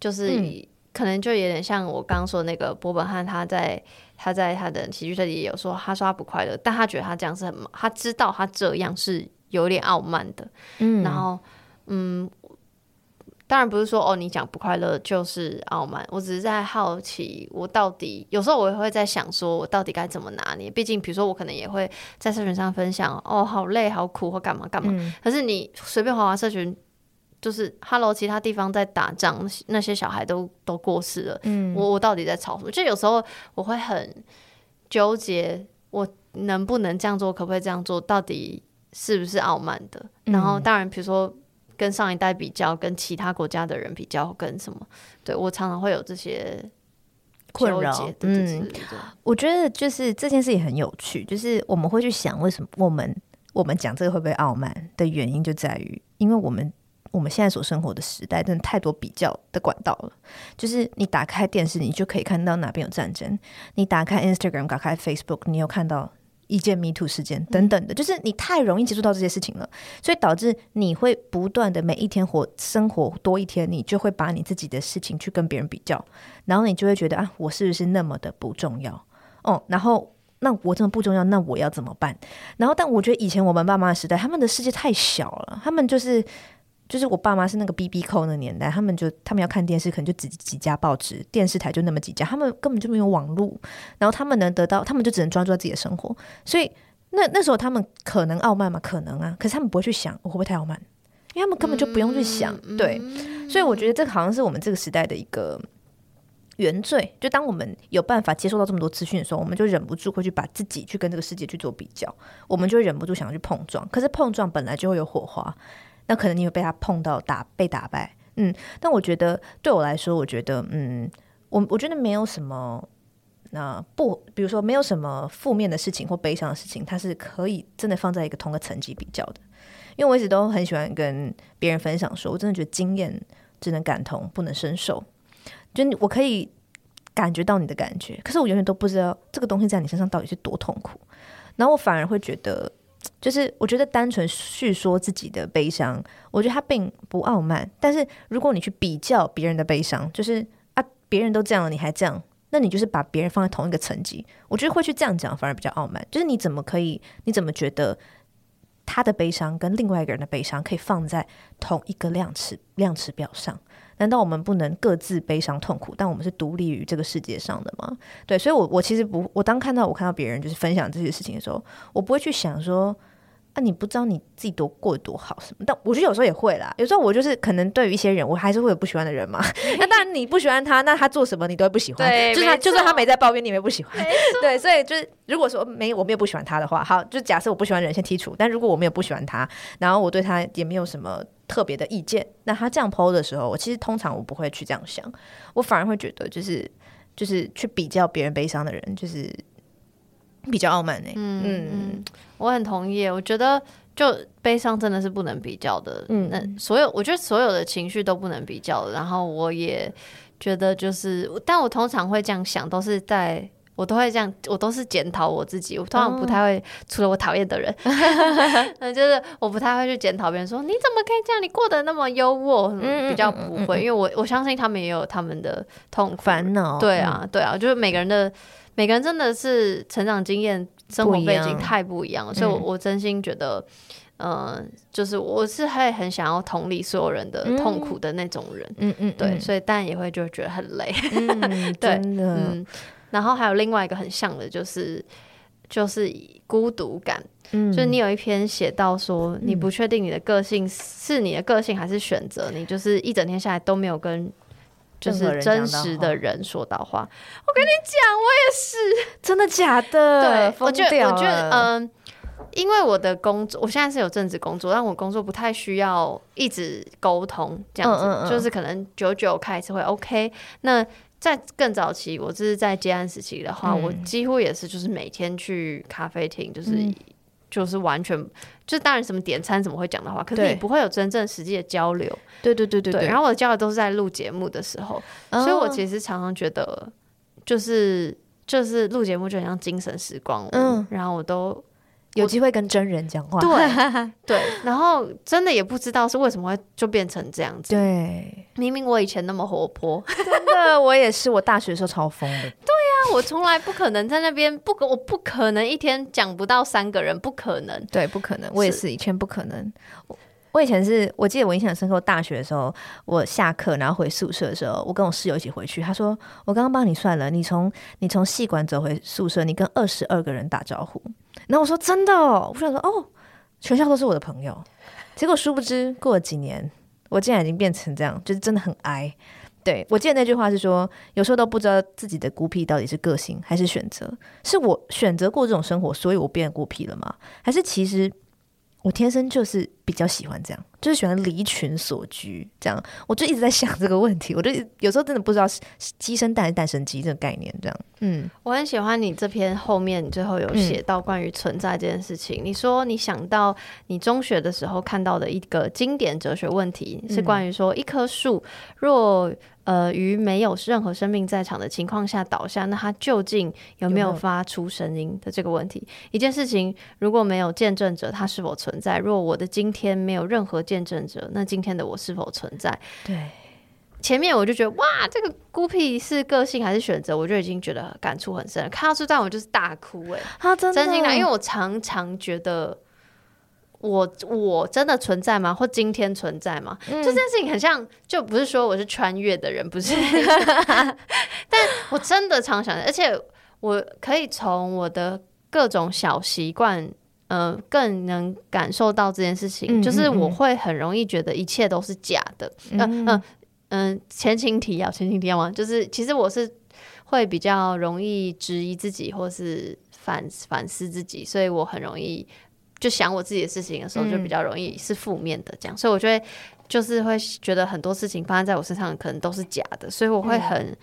就是、嗯、可能就有點像我剛說那個伯本漢，他在他在他的喜劇特輯也有說，他說他不快樂，但他覺得他這樣是很，他知道他這樣是。有點傲慢的，嗯，然後，嗯，當然不是說哦，你講不快樂就是傲慢，我只是在好奇，我到底有時候我也會在想，說我到底該怎麼拿捏？畢竟，比如說我可能也會在社群上分享，哦，好累，好苦，或幹嘛幹嘛。嗯，可是你隨便滑滑社群，就是 Hello，其他地方在打仗，那些小孩都都過世了。嗯，我我到底在吵什麼？就有時候我會很糾結，我能不能這樣做，可不可以這樣做到底？是不是傲慢的？然後當然，比如說跟上一代比較，跟其他國家的人比較，跟什麼？對，我常常會有這些困擾擾。就是，嗯，對我覺得就是這件事也很有趣，就是我們會去想，為什麼我們我們講這個會不會傲慢的原因，就在於因為我們我們現在所生活的時代，真的太多比較的管道了。就是你打開電視，你就可以看到哪邊有戰爭；你打開 Instagram，打開 Facebook，你有看到。一件迷途事件等等的。嗯、就是你太容易接觸到這些事情了，所以導致你會不斷的每一天活生活多一天，你就會把你自己的事情去跟別人比較，然後你就會覺得啊，我是不是那麼的不重要？哦，然後那我這麼不重要，那我要怎麼辦？然後，但我覺得以前我們爸媽的時代，他們的世界太小了，他們就是。就是我爸媽是那個 BB call 那年代，他們就他們要看電視，可能就只幾家報紙，電視台就那麼幾家，他們根本就沒有網絡，然後他們能得到，他們就只能專注在自己的生活。所以那那時候他們可能傲慢嘛，可能啊，可是他們不會去想我會不會太傲慢，因為他們根本就不用去想。嗯、對，所以我覺得這個好像是我們這個時代的一個原罪。就當我們有辦法接受到這麼多資訊的時候，我們就忍不住會去把自己去跟這個世界去做比較，我們就忍不住想要去碰撞。可是碰撞本來就會有火花。那可能你會被他碰到打被打敗，嗯，但我覺得對我來說，我覺得，嗯，我我覺得沒有什麼，那、呃、不，比如說沒有什麼負面的事情或悲傷的事情，它是可以真的放在一個同個層級比較的，因為我一直都很喜歡跟別人分享說，說我真的覺得經驗只能感同不能身受，就我可以感覺到你的感覺，可是我永遠都不知道這個東西在你身上到底是多痛苦，然後我反而會覺得。就是我覺得單純敘說自己的悲傷，我覺得他並不傲慢。但是如果你去比較別人的悲傷，就是啊，別人都這樣了，你還這樣，那你就是把別人放在同一個層級。我覺得會去這樣講，反而比較傲慢。就是你怎麼可以？你怎麼覺得他的悲傷跟另外一個人的悲傷可以放在同一個量詞量詞表上？難道我們不能各自悲傷痛苦？但我們是獨立於這個世界上的嗎？對，所以我，我我其實不，我當看到我看到別人就是分享這些事情的時候，我不會去想說啊，你不知道你自己多過得多好什麼。但我覺得有時候也會啦，有時候我就是可能對於一些人，我還是會有不喜歡的人嘛。那對、啊、當然，你不喜歡他，那他做什麼你都會不喜歡。對就算他沒錯 就算他沒在抱怨，你也不喜歡。沒錯 對，所以就是如果說沒我們也不喜歡他的話，好，就假設我不喜歡人先剔除。但如果我沒有不喜歡他，然後我對他也沒有什麼。特別的意見，那他這樣拋的時候，我其實通常我不會去這樣想，我反而會覺得就是就是去比較別人悲傷的人，就是比較傲慢呢、欸。嗯，嗯我很同意，我覺得就悲傷真的是不能比較的。嗯，那所有我覺得所有的情緒都不能比較。然後我也覺得就是，但我通常會這樣想，都是在。我都會這樣，我都是檢討我自己，我通常不太會，除了我討厭的人，就是我不太會去檢討別人，說你怎麼可以這樣，你過得那麼優渥，比較不會，因為我我相信他們也有他們的痛苦煩惱。對啊，對啊，就是每個人的每個人真的是成長經驗、生活背景太不一樣，所以，我我真心覺得，嗯，就是我是會很想要同理所有人的痛苦的那種人，嗯嗯，對，所以但也會就覺得很累，嗯，對。然後還有另外一個很像的，就是，就是就是孤獨感，嗯、就是你有一篇寫到說，你不確定你的個性是你的個性還是選擇，嗯、你就是一整天下來都沒有跟就是真實的人說到話。講到話，我跟你講，我也是。真的假的？對我，我覺得我覺得嗯，因為我的工作，我現在是有正職工作，但我工作不太需要一直溝通這樣子，嗯嗯嗯，就是可能久久開一次會 OK 那，那在更早期，我是在接案時期的話，嗯、我幾乎也是就是每天去咖啡廳，就是、嗯、就是完全就是、當然什麼點餐怎麼會講的話，肯定不會有真正實際的交流。對對對對對，對，對。然後我的交流都是在錄節目的時候，對對對，所以我其實常常覺得就是就是錄節目就很像精神時光。嗯，然後我都。我有機會跟真人講話，對對，然後真的也不知道是為什麼會就變成這樣子。對， 明明我以前那麼活潑，真的我也是，我大學的時候超瘋的。 對呀、啊，我從來不可能在那邊，不，我不可能一天講不到三個人，不可能， 對，不可能，我也是以前不可能。我是我以前是我記得我印象深刻，大學的時候，我下課然後回宿舍的時候，我跟我室友一起回去，他說：“我剛剛幫你算了，你從你從系館走回宿舍，你跟二十二個人打招呼。”然後我說真的，我想說哦，全校都是我的朋友。結果殊不知，過了幾年，我竟然已經變成這樣，就是真的很哀。對，我記得那句話是說，有時候都不知道自己的孤僻到底是個性還是選擇，是我選擇過這種生活，所以我變得孤僻了嗎？還是其實我天生就是比較喜歡這樣？就是喜歡離群索居這樣，我就一直在想這個問題。我就有時候真的不知道是雞生蛋還是蛋生雞這個概念這樣。嗯，我很喜歡你這篇後面你最後有寫到關於存在的這件事情。嗯、你說你想到你中學的時候看到的一個經典哲學問題、嗯、是關於說一棵樹若呃於沒有任何生命在場的情況下倒下，那它究竟有沒有發出聲音的這個問題？有有一件事情如果沒有見證者，它是否存在？若我的今天沒有任何見。見證者，那今天的我是否存在？對，前面我就覺得哇，這個孤僻是個性還是選擇？我就已經覺得感觸很深。看到這段我就是大哭哎、欸啊，真的真，因為我常常覺得我我真的存在嗎？或今天存在嗎？嗯、就這件事情很像，就不是說我是穿越的人，不是。 但我真的常想，而且我可以從我的各種小習慣。嗯、呃，更能感受到這件事情，嗯、就是我會很容易覺得一切都是假的。嗯嗯嗯，呃、嗯前情提要，前情提要嗎？就是其實我是會比較容易質疑自己，或是反反思自己，所以我很容易就想我自己的事情的時候，就比較容易是負面的這樣。嗯、所以我就會就是會覺得很多事情發生在我身上，可能都是假的，所以我會很。嗯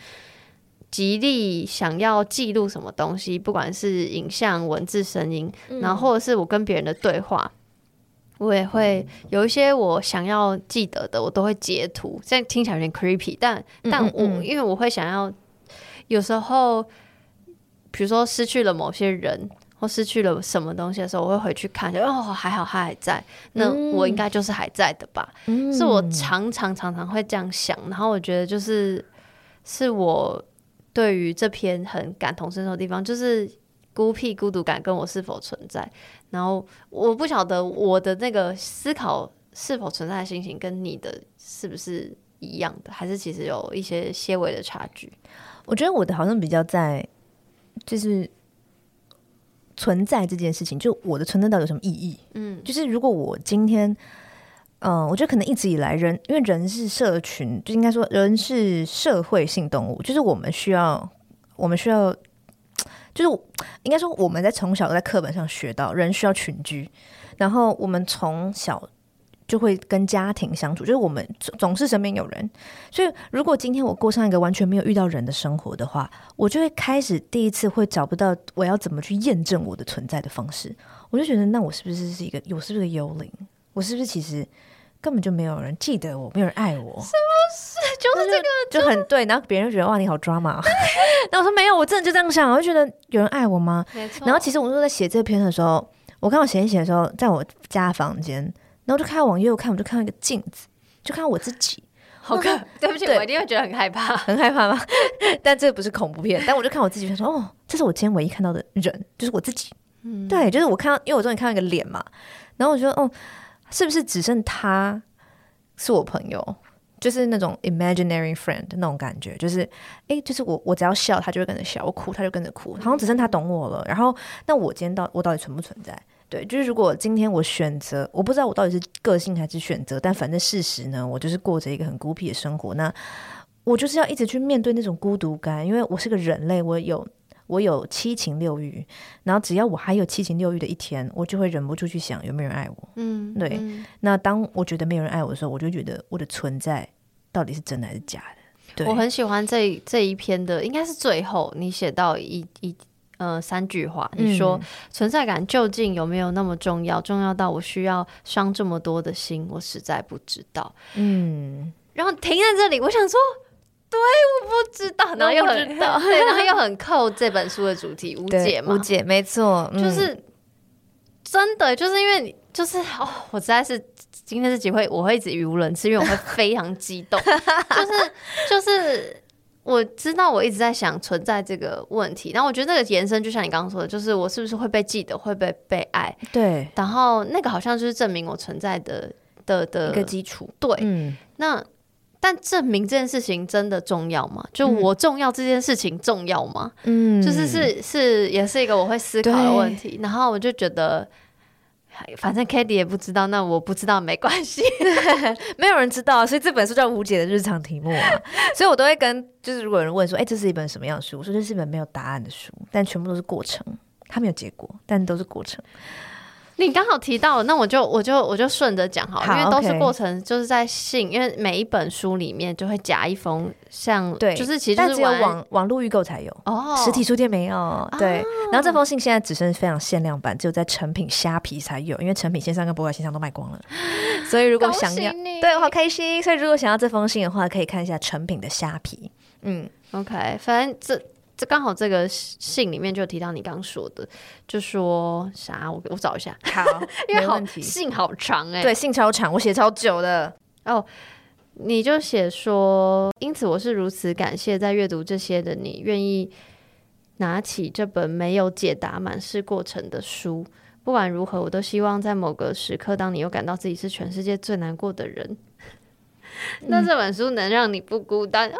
極力想要記錄什麼東西，不管是影像、文字、聲音，嗯、然後或者是我跟別人的對話，我也會有一些我想要記得的，我都會截圖。這樣聽起來有點 creepy，但但我嗯嗯嗯，因為我會想要，有時候比如說失去了某些人或失去了什麼東西的時候，我會回去看一下。哦，還好他還在，那我應該就是還在的吧？嗯、是我常常常常常會這樣想，然後我覺得就是是我。對於這篇很感同身受的地方，就是孤僻、孤獨感跟我是否存在。然後我不曉得我的那個思考是否存在的心情，跟你的是不是一樣的，還是其實有一些些微的差距？我覺得我的好像比較在，就是存在這件事情，就我的存在到底有什麼意義？嗯，就是如果我今天。嗯，我覺得可能一直以來人，因為人是社群，就應該說人是社會性動物，就是我們需要，我們需要，就是應該說我們在從小在課本上學到人需要群居，然後我們從小就會跟家庭相處，就是我們總是身邊有人，所以如果今天我過上一個完全沒有遇到人的生活的話，我就會開始第一次會找不到我要怎麼去驗證我的存在的方式，我就覺得那我是不是是一個，我是不是個幽靈，我是不是其實。根本就沒有人記得我，沒有人愛我。什麼？是就是這個就，就很對。然後別人覺得哇，你好抓馬。那 我說沒有，我真的就這樣想，我就覺得有人愛我嗎？沒錯錯。然後其實我就在寫這篇的時候，我看我寫一寫的時候，在我家房間，然後就開始往右看，我看，我就看到一個鏡子，就看到我自己。 好看憐？ 對不起，對我一定會覺得很害怕， 很害怕嗎？ 但這不是恐怖片。但我就看我自己，就說哦，這是我今天唯一看到的人，就是我自己。嗯，對，就是我看到，因為我終於看到一個臉嘛。然後我說哦。是不是只剩他是我朋友，就是那種 imaginary friend 的那種感覺，就是哎、欸，就是我我只要笑，他就會跟着笑；我哭，他就跟着哭。好像只剩他懂我了。然後，那我今天到我到底存不存在？對，就是如果今天我選擇，我不知道我到底是個性還是選擇，但反正事實呢，我就是過着一個很孤僻的生活。那我就是要一直去面對那種孤獨感，因為我是個人類，我有。我有七情六慾，然後只要我還有七情六慾的一天，我就會忍不住去想有沒有人愛我。嗯，對。嗯、那當我覺得沒有人愛我的時候，我就覺得我的存在到底是真的還是假的。對。我很喜歡這這一篇的，應該是最後你寫到一一呃三句話，嗯、你說存在感究竟有沒有那麼重要？重要到我需要傷這麼多的心？我實在不知道。嗯。然後停在這裡，我想說。對，我不知道，然後又很 對，然後又很扣這本書的主題，無解嘛？無解，沒錯，嗯、就是真的，就是因為你就是哦，我實在是今天自己會，我會一直語無倫次，因為我會非常激動，就是 就是，就是、我知道我一直在想存在這個問題，然後我覺得那個延伸，就像你剛剛說的，就是我是不是會被記得，會被被愛？對，然後那個好像就是證明我存在的的的一個基礎，對，嗯，那。但證明這件事情真的重要嗎？就我重要這件事情重要嗎？嗯，就是是是，也是一個我會思考的問題。對然後我就覺得，反正 Cady 也不知道，那我不知道沒關係，沒有人知道，所以這本書叫無解的日常題目。 所以我都會跟，就是如果有人問說，誒、欸，這是一本什麼樣的書？我說，這是一本沒有答案的書，但全部都是過程，它沒有結果，但都是過程。你剛好提到，那我就我就我就順着講好了，因為都是過程，okay 就是在信，因為每一本書裡面就會夾一封像，像對，就是其實是但只有網網路預購才有，哦，實體書店沒有，對。哦，然後這封信現在只剩非常限量版，只有在誠品蝦皮才有，因為誠品線上跟博客線上都賣光了。 所以如果想要，對我好開心。所以如果想要這封信的話，可以看一下誠品的蝦皮。嗯，OK，反正這。這剛好，這個信裡面就提到你剛說的，就說啥？我給我找一下，好， 因為好信好長誒、欸，對，信超長，我寫超久的哦。Oh, 你就寫說，因此我是如此感謝，在閱讀這些的你，願意拿起這本沒有解答、滿是過程的書。不管如何，我都希望在某個時刻，當你又感到自己是全世界最難過的人。那這本書能讓你不孤單，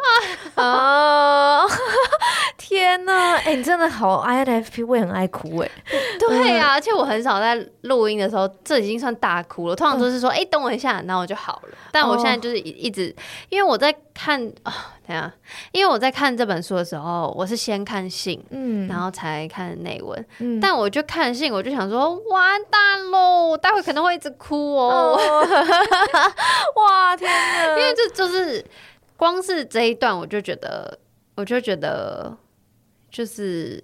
嗯、啊？ 天啊，天哪！哎，你真的好 I N F P，我也很愛哭哎，欸。對啊，呃、而且我很少在錄音的時候，這已經算大哭了。通常都是說，哎，呃欸，等我一下，然後我就好了。但我現在就是一一直，哦、因為我在看啊，呃，等下，因為我在看這本書的時候，我是先看信，嗯，然後才看內文。嗯，但我就看信，我就想說，完蛋嘍，我待會可能會一直哭哦。哦 哇，天！ 因為這就是光是這一段，我就覺得，我就覺得，就是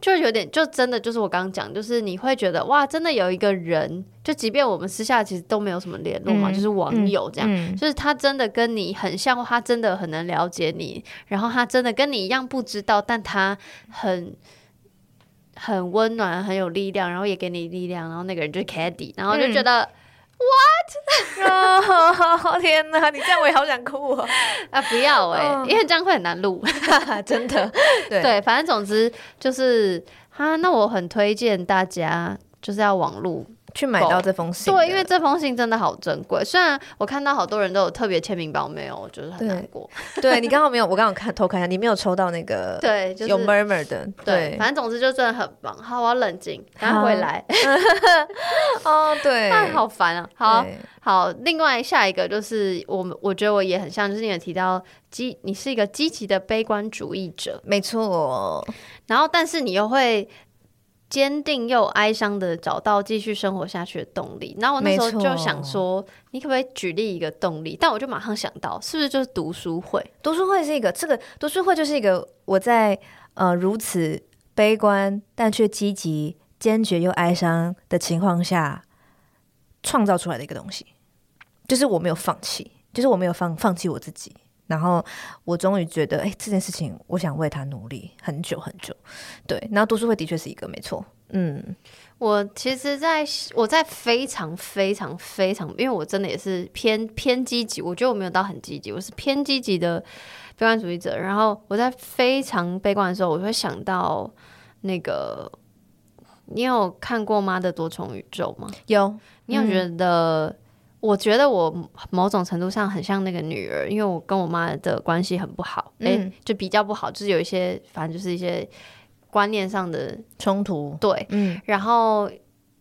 就有點，就真的就是我剛剛講，就是你會覺得哇，真的有一個人，就即便我們私下其實都沒有什麼聯絡嘛，就是網友這樣，就是他真的跟你很像，他真的很能了解你，然後他真的跟你一樣不知道，但他很很溫暖，很有力量，然後也給你力量，然後那個人就是 Cady，然後就覺得。What？ oh, oh, oh, oh, 天吶，你這樣我也好想哭啊、喔！啊，不要誒、欸，oh. 因為這樣會很難錄， 真的。對，對，反正總之就是哈，那我很推薦大家，就是要網路。去買到這封信，Go, 對，因為這封信真的好珍貴。雖然我看到好多人都有特別簽名包，沒有，我覺得很難過。對，對你剛剛沒有， 我剛剛看偷看一下，你沒有抽到那個 ur，對，就是有 murmur 的，對，反正總之就真的很棒。好，我要冷靜，他回來。哦好， oh, 對，那好煩啊。好對好，另外下一個就是我們，我覺得我也很像，就是你有提到積，你是一個積極的悲觀主義者，沒錯、哦。然後，但是你又會。堅定又哀傷的找到繼續生活下去的動力，然後我那時候就想說，你可不可以舉例一個動力？但我就馬上想到，是不是就是讀書會？讀書會是一個，這個讀書會就是一個我在呃如此悲觀但卻積極、堅決又哀傷的情況下創造出來的一個東西，就是我沒有放棄，就是我沒有放放棄我自己。然後我終於覺得，哎、欸，這件事情，我想為他努力很久很久。對，那讀書會的確是一個，沒錯。嗯，我其實在我在非常非常非常，因為我真的也是偏偏積極，我覺得我沒有到很積極，我是偏積極的悲觀主義者。然後我在非常悲觀的時候，我會想到那個，你有看過《媽的多重宇宙》嗎？有。你有覺得、嗯？我覺得我某種程度上很像那個女兒，因為我跟我媽的關係很不好，誒、嗯欸，就比較不好，就是有一些，反正就是一些觀念上的衝突。對，嗯、然後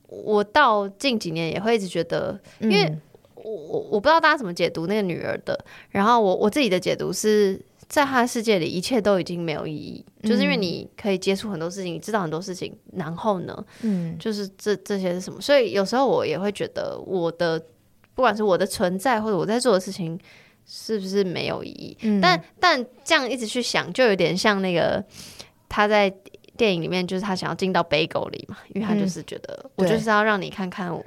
我到近幾年也會一直覺得，因為我我不知道大家怎麼解讀那個女兒的，然後我我自己的解讀是在她的世界裡，一切都已經沒有意義，嗯、就是因為你可以接觸很多事情，你知道很多事情，然後呢，嗯，就是這這些是什麼？所以有時候我也會覺得我的。不管是我的存在或者我在做的事情，是不是沒有意義？嗯、但但這樣一直去想，就有點像那個他在電影裡面，就是他想要進到 Bagel 裡嘛，因為他就是覺得我就是要讓你看看我、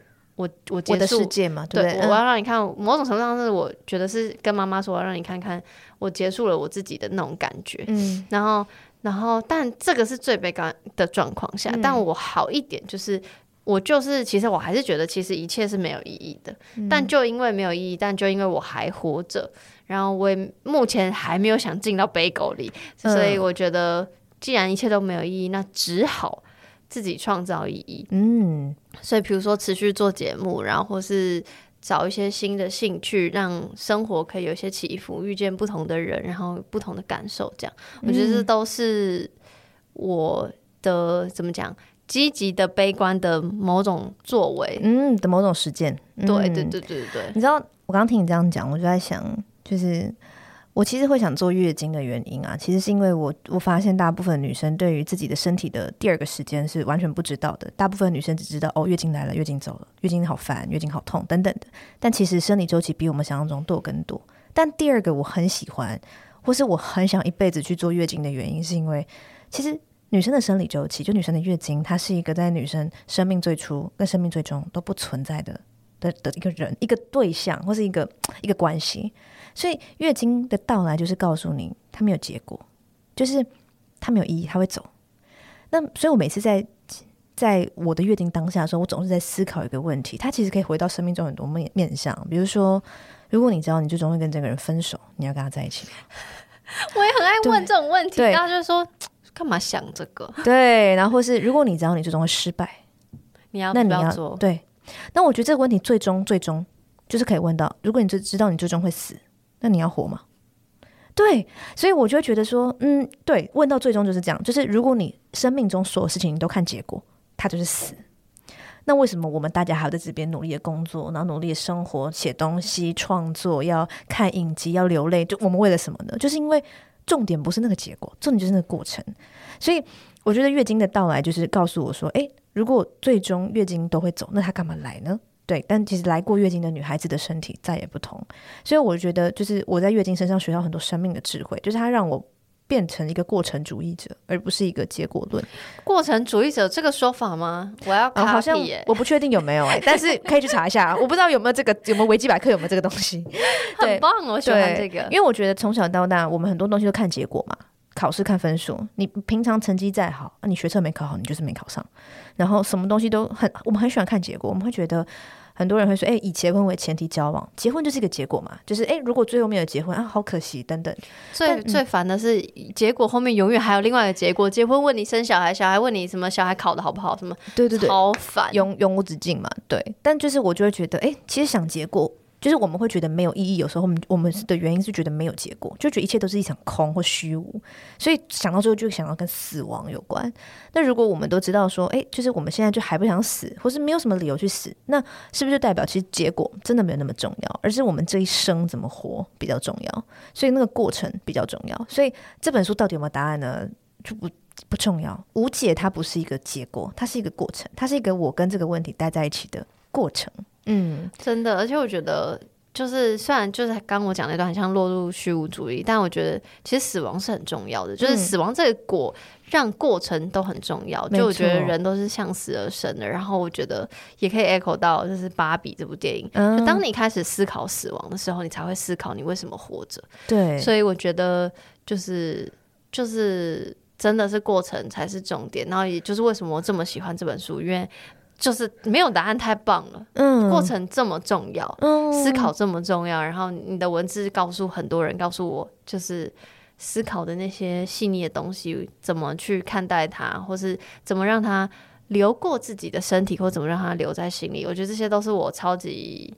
嗯、我結束我的世界嘛，對，對，對嗯、我要讓你看。某種程度上是我覺得是跟媽媽說，我要讓你看看我結束了我自己的那種感覺。嗯，然後然後，但這個是最悲觀的狀況下，嗯、但我好一點就是。我就是，其實我還是覺得，其實一切是沒有意義的。嗯、但就因為沒有意義，但就因為我還活着，然後我也目前還沒有想進到“背狗”裡，呃、所以我覺得，既然一切都沒有意義，那只好自己創造意義。嗯，所以比如說持續做節目，然後或是找一些新的興趣，讓生活可以有一些起伏，遇見不同的人，然後不同的感受。這樣，我覺得這都是我的、嗯、怎麼講。積極的、悲觀的某種作為，嗯，的某種實踐。嗯，對對對對對。你知道，我剛聽你這樣講，我就在想，就是我其實會想做月經的原因啊，其實是因為我我發現大部分女生對於自己的身體的第二個時間是完全不知道的。大部分女生只知道哦，月經來了，月經走了，月經好煩，月經好痛等等的。但其實生理週期比我們想象中多更多。但第二個我很喜歡，或是我很想一輩子去做月經的原因，是因為其實。女生的生理週期，就女生的月經，她是一個在女生生命最初跟生命最終都不存在的的的一個人、一個對象或是一個一個關係。所以月經的到來就是告訴你，她沒有結果，就是她沒有意義，她會走。那所以，我每次在在我的月經當下的時候，我總是在思考一個問題，她其實可以回到生命中很多面面向。比如說，如果你知道你最終會跟這個人分手，你要跟他在一起。 我也很愛問這種問題，然後就是說。幹嘛想這個？對，然後是如果你知道你最終會失敗，你要那你要做。對，那我覺得這個問題最終最終就是可以問到：如果你就知道你最終會死，那你要活嗎？對，所以我就會覺得說，嗯，對，問到最終就是這樣，就是如果你生命中所有事情你都看結果，它就是死。那為什麼我們大家還要在這邊努力的工作，然後努力的生活、寫東西、創作，要看影集、要流淚，就我們為了什麼呢？就是因為。重點不是那個結果，重點就是那個過程。所以我覺得月經的到來就是告訴我說，誒、欸，如果最終月經都會走，那他幹嘛來呢？對，但其實來過月經的女孩子的身體再也不同。所以我覺得，就是我在月經身上學到很多生命的智慧，就是它讓我。變成一個過程主義者，而不是一個結果論。過程主義者這個說法嗎？我要、哦、好像我不確定有沒有、欸、 但是可以去查一下、啊。我不知道有沒有這個，有沒有維基百科有沒有這個東西？ 對很棒，我喜歡這個。因為我覺得從小到大，我們很多東西都看結果嘛，考試看分數。你平常成績再好，那你學測沒考好，你就是沒考上。然後什麼東西都很，我們很喜歡看結果，我們會覺得。很多人會說，哎、欸，以結婚為前提交往，結婚就是一個結果嘛，就是哎、欸，如果最後沒有結婚啊，好可惜等等。對嗯、最最煩的是，結果後面永遠還有另外一個結果，結婚問你生小孩，小孩問你什麼，小孩考得好不好，什麼，對對對，好煩煩，永永無止境嘛，對。但就是我就會覺得，哎、欸，其實想結果。就是我們會覺得沒有意義，有時候我們我們的原因是覺得沒有結果，就覺得一切都是一場空或虛無，所以想到最後就想要跟死亡有關。那如果我們都知道說，誒，就是我們現在就還不想死，或是沒有什麼理由去死，那是不是就代表其實結果真的沒有那麼重要，而是我們這一生怎麼活比較重要？所以那個過程比較重要。所以這本書到底有沒有答案呢？就不不重要。無解，它不是一個結果，它是一個過程，它是一個我跟這個問題待在一起的過程。嗯，真的，而且我覺得，就是雖然就是剛我講那段很像落入虛無主義，但我覺得其實死亡是很重要的，就是死亡這個果讓過程都很重要。嗯、就我覺得人都是向死而生的，哦、然後我覺得也可以 echo 到就是《芭比》這部電影，嗯、就當你開始思考死亡的時候，你才會思考你為什麼活着。對，所以我覺得就是就是真的是過程才是重點，然後也就是為什麼我這麼喜歡這本書，因為。就是沒有答案，太棒了，嗯，過程這麼重要，嗯，思考這麼重要，然後你的文字告訴很多人，告訴我就是思考的那些細膩的東西，怎麼去看待它，或是怎麼讓它流過自己的身體，或怎麼讓它留在心裡。我覺得這些都是我超級。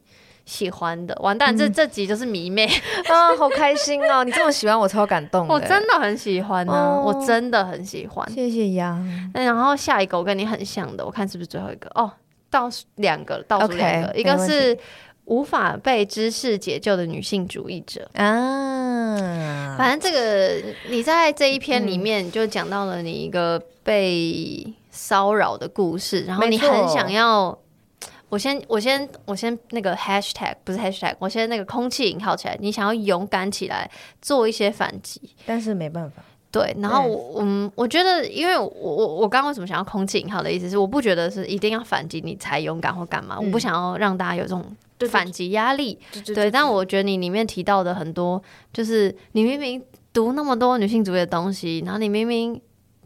喜歡的完蛋，嗯、這這集就是迷妹 啊，好開心哦，啊！ 你這麼喜歡我，超感動的。我真的很喜歡、啊、哦，我真的很喜歡。謝謝呀。那、哎、然後下一個，我跟你很像的，我看是不是最後一個？哦，倒數兩個，倒數兩個，okay, 一個是無法被知識解救的女性主義者啊。反正這個你在這一篇裡面就講到了你一個被騷擾的故事，沒錯。然後你很想要。我先，我先，我先那個 hashtag 不是 hashtag，我先那個空氣引號起來，你想要勇敢起來，做一些反擊，但是沒辦法。對，然後我，對嗯、我覺得，因為我，我，我剛剛為什麼想要空氣引號的意思是，我不覺得是一定要反擊你才勇敢或幹嘛，嗯、我不想要讓大家有這種反擊壓力。嗯、對,對,對,對,對，但我覺得你裡面提到的很多，就是你明明讀那麼多女性主義的東西，然後你明明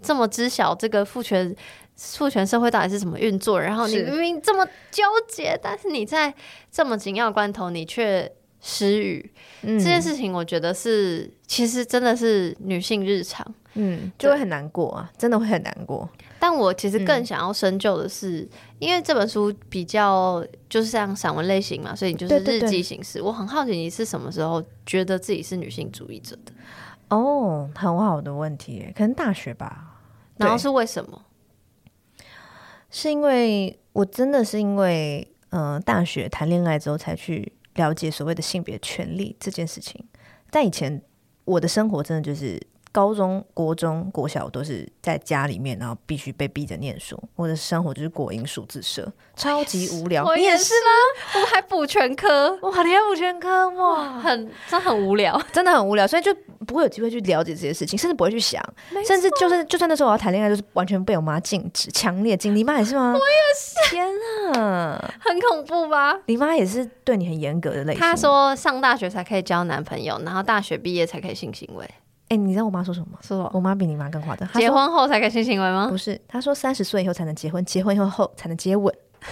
這麼知曉這個父權。父權社會到底是怎麼運作？然後你明明這麼糾結，是但是你在這麼緊要的關頭，你卻失語，嗯、這件事情我覺得是其實真的是女性日常，嗯，就會很難過啊，對真的會很難過。但我其實更想要深究的是，嗯、因為這本書比較就是像散文類型嘛，所以就是日記形式。對對對，我很好奇你是什麼時候覺得自己是女性主義者的？哦，很好的問題，可能大學吧。然後是為什麼？是因為我真的是因為，呃，大學談戀愛之後才去了解所謂的性別權利這件事情。在以前，我的生活真的就是高中國中國小都是在家裡面，然後必須被逼着念書，我的生活就是國英數自社，超級無聊。我也是,你也是啦， 我們還補全,全科，哇，你要補全科哇，很真很無聊，真的很無聊，所以就。不會有機會去了解這些事情，甚至不會去想，錯甚至就算就算那時候我要談戀愛，就是完全被我媽禁止，強烈禁。你媽也是嗎？我也是。天啊哪，很恐怖吧？你媽也是對你很嚴格的類型。她說上大學才可以交男朋友，然後大學畢業才可以性行為。哎、欸，你知道我媽說什麼嗎？什麼我？我媽比你媽更誇張。結婚後才可以性行為嗎？不是，她說三十歲以後才能結婚，結婚以後後才能接吻。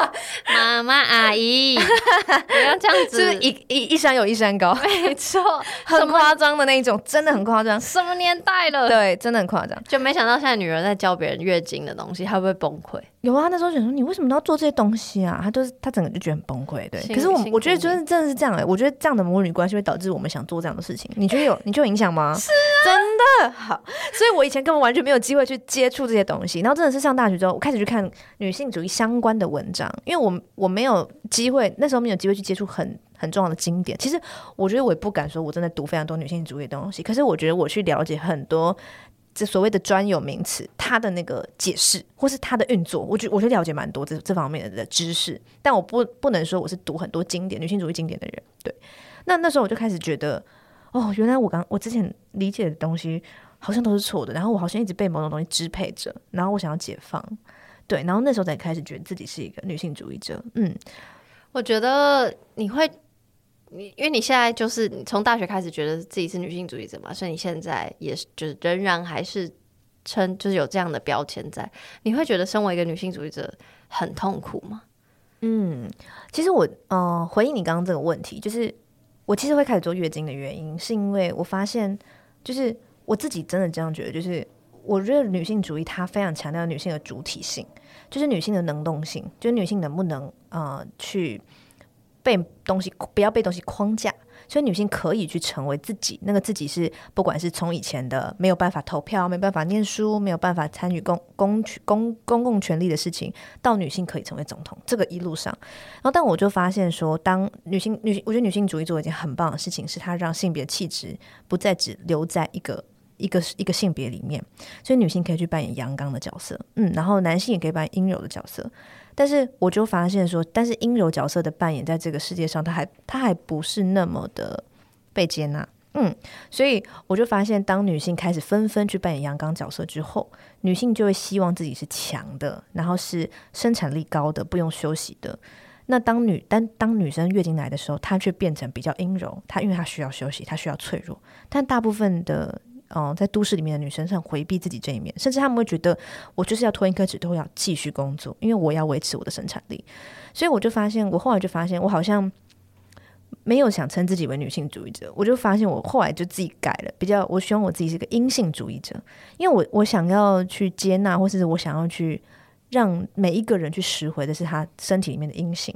媽媽、 媽媽阿姨，不 要這樣子，就是一一山有一山高，沒錯錯，很誇張的那一種，麼真的很誇張，什麼年代了？對，真的很誇張，就沒想到現在女人在教別人月經的東西，她會不會崩潰？有啊，那時候想說你為什麼都要做這些東西啊？他就是他整個就覺得很崩潰，對。行可是我我覺得就是真的是這樣哎、欸，我覺得這樣的母女關係會導致我們想做這樣的事情。你覺得有？ 你就有影響嗎？是、啊，真的好。所以我以前根本完全沒有機會去接觸這些東西。然後真的是上大學之後，我開始去看女性主義相關的文章，因為我我沒有機會，那時候沒有機會去接觸很很重要的經典。其實我覺得我也不敢說我真的讀非常多女性主義的東西。可是我覺得我去了解很多。這所謂的專有名詞，它的那個解釋，或是它的運作，我覺我就了解蠻多這這方面的知識，但我不不能說我是讀很多經典女性主義經典的人，對。那那時候我就開始覺得，哦，原來我剛我之前理解的東西好像都是錯的，然後我好像一直被某種東西支配着，然後我想要解放，對，然後那時候才開始覺得自己是一個女性主義者，嗯，我覺得你會。你因為你現在就是你從大學開始覺得自己是女性主義者嘛，所以你現在也是就是仍然還是稱就是有這樣的標籤在。你會覺得身為一個女性主義者很痛苦嗎？嗯，其實我嗯、呃、回應你剛剛這個問題，就是我其實會開始做月經的原因，是因為我發現就是我自己真的這樣覺得，就是我覺得女性主義它非常強調女性的主體性，就是女性的能動性，就是女性能不能啊、呃、去。被東西不要被東西框架，所以女性可以去成為自己那個自己是，不管是從以前的沒有辦法投票、沒辦法念書、沒有辦法參與公公公公共權力的事情，到女性可以成為總統，這個一路上，然後但我就發現說，當女性女性，我覺得女性主義做一件很棒的事情，是她讓性別氣質不再只留在一個一個一個性別裡面，所以女性可以去扮演陽剛的角色，嗯，然後男性也可以扮演陰柔的角色。但是我就發現說，但是陰柔角色的扮演在這個世界上，她還她還不是那麼的被接納，嗯，所以我就發現，當女性開始紛紛去扮演陽剛角色之後，女性就會希望自己是強的，然後是生產力高的，不用休息的。那當女但當女生月經來的時候，她卻變成比較陰柔，她因為她需要休息，她需要脆弱，但大部分的。哦，在都市裡面的女生很回避自己這一面，甚至他們會覺得我就是要拖一顆紙都要繼續工作，因為我要維持我的生產力。所以我就發現，我後來就發現我好像沒有想稱自己為女性主義者。我就發現我後來就自己改了，比較我希望我自己是個陰性主義者，因為我我想要去接納，或是我想要去讓每一個人去拾回的是他身體裡面的陰性。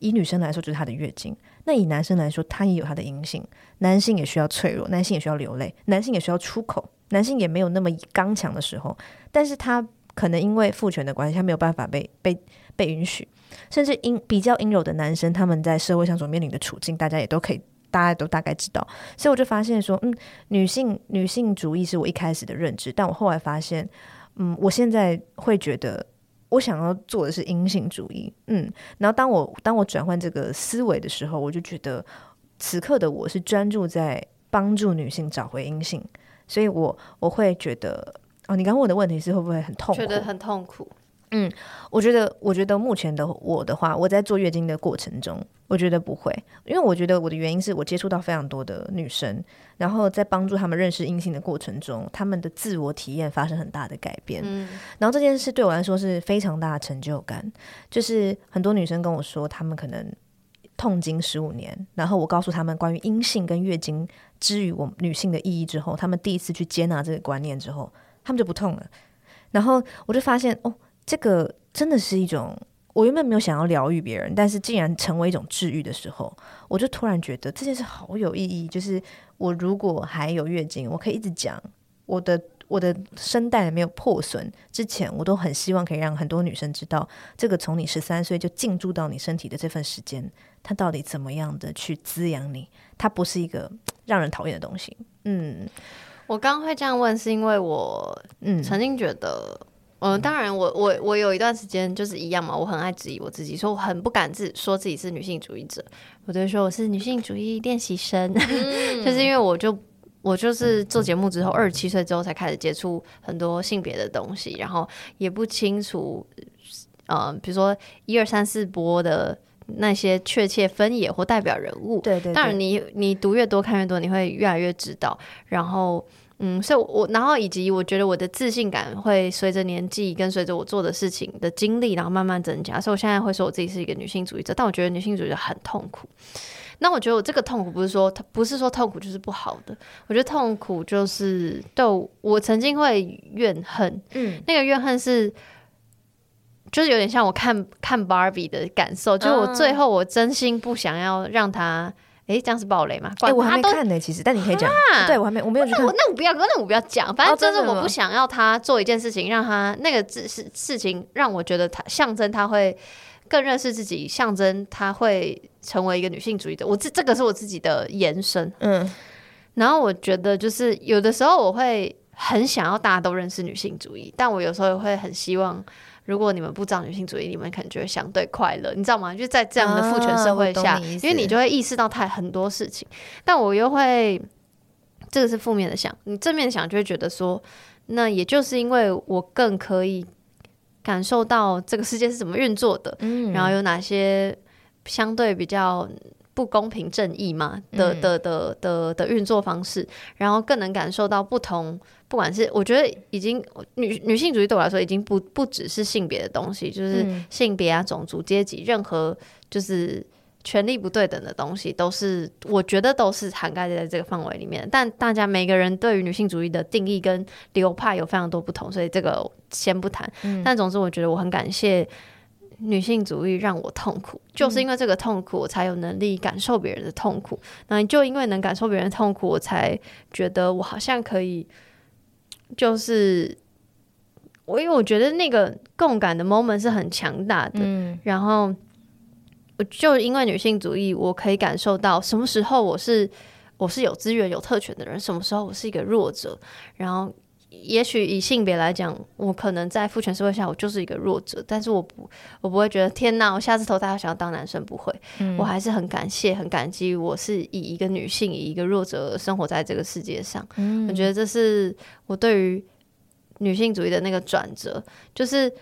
以女生來說，就是她的月經。那以男生來說，他也有他的陰性，男性也需要脆弱，男性也需要流淚，男性也需要出口，男性也沒有那麼剛強的時候。但是他可能因為父權的關係，他沒有辦法被被被允許，甚至陰比較陰柔的男生，他們在社會上所面臨的處境，大家也都可以，大家都大概知道。所以我就發現說，嗯，女性女性主義是我一開始的認知，但我後來發現，嗯，我現在會覺得。我想要做的是陰性主義，嗯，然後當我當我轉換這個思維的時候，我就覺得此刻的我是專注在幫助女性找回陰性，所以我我會覺得哦，你剛問我的問題是會不會很痛苦？覺得很痛苦。嗯，我覺得，我覺得目前的我的話，我在做月經的過程中，我覺得不會，因為我覺得我的原因是我接觸到非常多的女生，然後在幫助她們認識陰性的過程中，她們的自我體驗發生很大的改變。嗯。然後這件事對我來說是非常大的成就感，就是很多女生跟我說，她們可能痛經十五年，然後我告訴她們關於陰性跟月經之於我女性的意義之後，她們第一次去接納這個觀念之後，她們就不痛了。然後我就發現哦。這個真的是一種，我原本沒有想要療癒別人，但是竟然成為一種治癒的時候，我就突然覺得這件事好有意義。就是我如果還有月經，我可以一直講我的我的聲帶沒有破損之前，我都很希望可以讓很多女生知道，這個從你十三歲就進駐到你身體的這份時間，它到底怎麼樣的去滋養你？它不是一個讓人討厭的東西。嗯，我剛剛會這樣問，是因為我曾經覺得、嗯。嗯，當然我，我我我有一段時間就是一樣嘛，我很愛質疑我自己，所以我很不敢自己說自己是女性主義者，我就說我是女性主義練習生，嗯、 就是因為我就我就是做節目之後二十七歲之後才開始接觸很多性別的東西，然後也不清楚，呃，比如說一二三四波的那些確切分野或代表人物，對，對對。當然你，你你讀越多看越多，你會越來越知道，然後。嗯，所以我，我然後以及我覺得我的自信感會隨着年紀跟隨着我做的事情的經歷，然後慢慢增加。所以，我現在會說我自己是一個女性主義者，但我覺得女性主義者很痛苦。那我覺得我這個痛苦不是說，不是說痛苦就是不好的。我覺得痛苦就是對我，我曾經會怨恨，嗯，那個怨恨是就是有點像我看看 Barbie 的感受，就是，我最後我真心不想要讓他。哎、欸，這樣是暴雷嘛？怪、欸、我還沒看呢、欸，其實，但你可以講。哈對我還沒，我沒有。那我那我不要，那我不要講。反正就是我不想要他做一件事情，讓他、哦、那個事事情讓我覺得他象徵他會更認識自己，象徵他會成為一個女性主義者。我這這個是我自己的延伸。嗯。然後我覺得，就是有的時候我會很想要大家都認識女性主義，但我有時候也會很希望。如果你們不知道女性主義，你們可能覺得相對快樂，你知道嗎？就是、在這樣的父權社會下，啊、因為你就會意識到太很多事情。但我又會，這個是負面的想，你正面的想就會覺得說，那也就是因為我更可以感受到這個世界是怎麼運作的，嗯、然後有哪些相對比較。不公平正義嘛的、嗯、的的的的運作方式，然後更能感受到不同，不管是我覺得已經女女性主義對我來說已經不不只是性別的東西，就是性別啊、種族、階級，任何就是權力不對等的東西，都是我覺得都是涵蓋在這個範圍裡面。但大家每個人對於女性主義的定義跟流派有非常多不同，所以這個先不談。嗯、但總之，我覺得我很感謝。女性主義讓我痛苦，就是因為這個痛苦，我才有能力感受別人的痛苦。那你、嗯、就因為能感受別人的痛苦，我才覺得我好像可以，就是我因為我覺得那個共感的 moment 是很強大的。嗯、然後我就因為女性主義，我可以感受到什麼時候我是我是有資源有特權的人，什麼時候我是一個弱者，然後。也許以性別來講，我可能在父權社會下，我就是一個弱者。但是我不，我不會覺得天哪，我下次投胎想要當男生不會。嗯、我還是很感謝、很感激，我是以一個女性、以一個弱者生活在這個世界上。嗯、我覺得這是我對於女性主義的那個轉折，就是。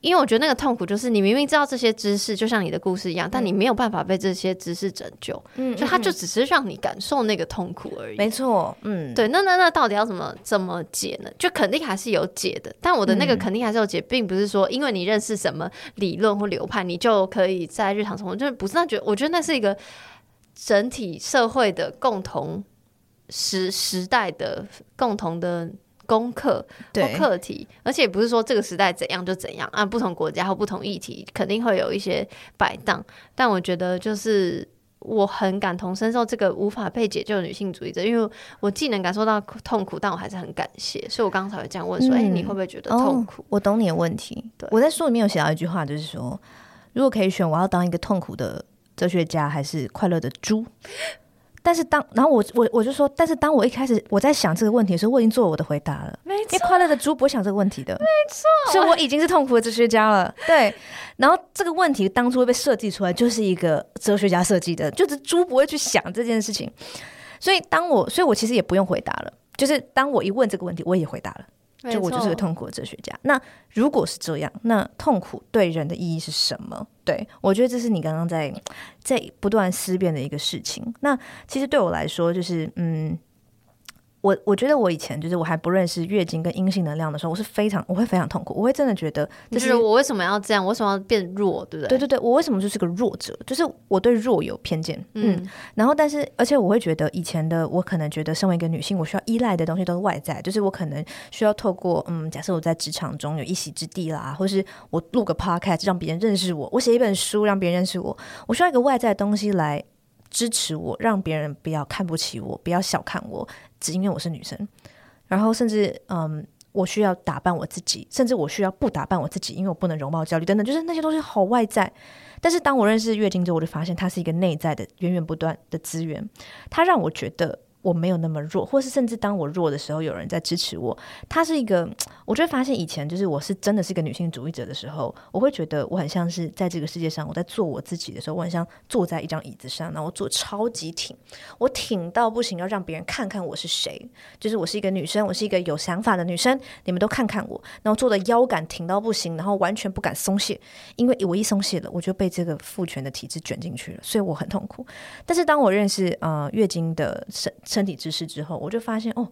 因為我覺得那個痛苦就是你明明知道這些知識，就像你的故事一樣，嗯、但你沒有辦法被這些知識拯救，嗯，就它就只是讓你感受那個痛苦而已。沒錯，嗯，對。那那那到底要怎麼怎麼解呢？就肯定還是有解的，但我的那個肯定還是有解，嗯、並不是說因為你認識什麼理論或流派，你就可以在日常生活就是不是那覺得？我覺得那是一個整體社會的共同時時代的共同的功課或課題，對而且不是說這個時代怎樣就怎樣，按、啊、不同國家或不同議題肯定會有一些擺盪。但我覺得，就是我很感同身受這個無法被解救的女性主義者，因為我既能感受到痛苦，但我還是很感謝。所以我剛才會這樣問，說：誒、嗯，欸、你會不會覺得痛苦？哦、我懂你的問題。對我在書裡面有寫到一句話，就是說，如果可以選，我要當一個痛苦的哲學家，還是快樂的豬？但是當然後我我我就說，但是當我一開始我在想這個問題的時候，我已經做我的回答了，沒錯，快樂的豬不會想這個問題的，沒錯，所以我已經是痛苦的哲學家了。 對，然後這個問題當初被設計出來，就是一個哲學家設計的，就是豬不會去想這件事情，所以當我，所以我其實也不用回答了，就是當我一問這個問題，我也回答了。就我就是個痛苦的哲學家。沒錯。那如果是這樣，那痛苦對人的意義是什麼？對，我覺得這是你剛剛在在不斷思辨的一個事情。那其實對我來說，就是嗯。我我覺得我以前就是我還不認識月經跟陰性能量的時候，我是非常我會非常痛苦，我會真的覺得、就是、就是我為什麼要這樣，我為什麼要變弱，對不對？對對對，我為什麼就是個弱者？就是我對弱有偏見，嗯，嗯。然後，但是而且我會覺得以前的我可能覺得身為一個女性，我需要依賴的東西都是外在，就是我可能需要透過嗯，假設我在職場中有一席之地啦，或是我錄個 p o c k e t 讓別人認識我，我寫一本書讓別人認識我，我需要一個外在的東西來支持我，讓別人不要看不起我，不要小看我。只因為我是女生，然後甚至嗯，我需要打扮我自己，甚至我需要不打扮我自己，因為我不能容貌焦慮等等，就是那些東西好外在，但是當我認識月經之後，我就發現它是一個內在的源源不斷的資源，它讓我覺得。我沒有那麼弱，或是甚至當我弱的時候，有人在支持我。他是一個，我就會發現以前就是我是真的是個女性主義者的時候，我會覺得我很像是在這個世界上，我在做我自己的時候，我很像坐在一張椅子上，然後我坐超級挺，我挺到不行，要讓別人看看我是誰，就是我是一個女生，我是一個有想法的女生，你們都看看我，然後坐的腰桿挺到不行，然後完全不敢鬆懈，因為我一鬆懈了，我就被這個父權的體制卷進去了，所以我很痛苦。但是當我認識呃月經的身體知識之後，我就發現哦，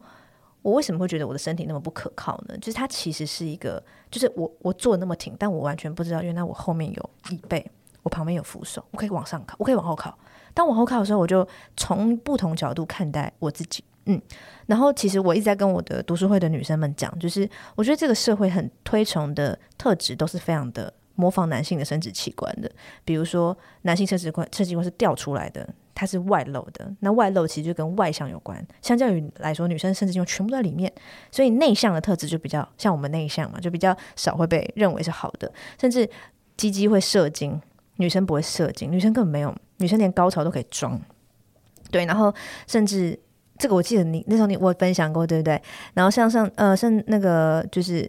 我為什麼會覺得我的身體那麼不可靠呢？就是它其實是一個，就是我我坐那麼挺，但我完全不知道，原來我後面有椅背，我旁邊有扶手，我可以往上靠，我可以往後靠。當往後靠的時候，我就從不同角度看待我自己。嗯，然後其實我一直在跟我的讀書會的女生們講，就是我覺得這個社會很推崇的特質都是非常的模仿男性的生殖器官的，比如說男性生殖器官，生殖器官是掉出來的。它是外露的，那外露其實就跟外向有關。相較於來說，女生甚至就全部在裡面，所以內向的特質就比較像我們內向嘛，就比較少會被認為是好的。甚至雞雞會射精，女生不會射精，女生根本沒有，女生連高潮都可以裝。對，然後甚至這個我記得你那時候你我分享過，對不對？然後像像呃像那個就是。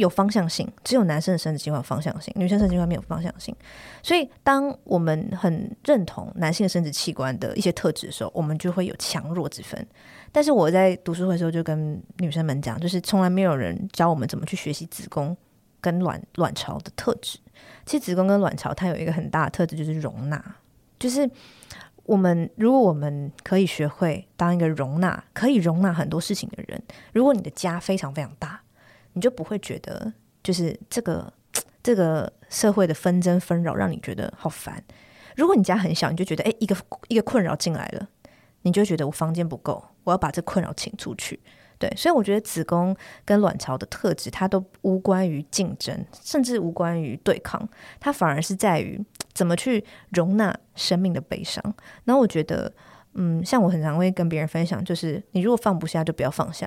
有方向性，只有男生的生殖器官有方向性，女生的生殖器官沒有方向性。所以，當我們很認同男性的生殖器官的一些特質的時候，我們就會有強弱之分。但是，我在讀書會的時候就跟女生們講，就是從來沒有人教我們怎麼去學習子宮跟卵卵巢的特質。其實，子宮跟卵巢它有一個很大的特質，就是容納。就是我們如果我們可以學會當一個容納可以容納很多事情的人，如果你的家非常非常大。你就不會覺得，就是這個這個社會的紛爭紛擾讓你覺得好煩。如果你家很小，你就覺得誒，一個一個困擾進來了，你就覺得我房間不夠，我要把這困擾請出去。對，所以我覺得子宮跟卵巢的特質，它都無關於競爭，甚至無關於對抗，它反而是在於怎麼去容納生命的悲傷。那我覺得，嗯，像我很常會跟別人分享，就是你如果放不下，就不要放下。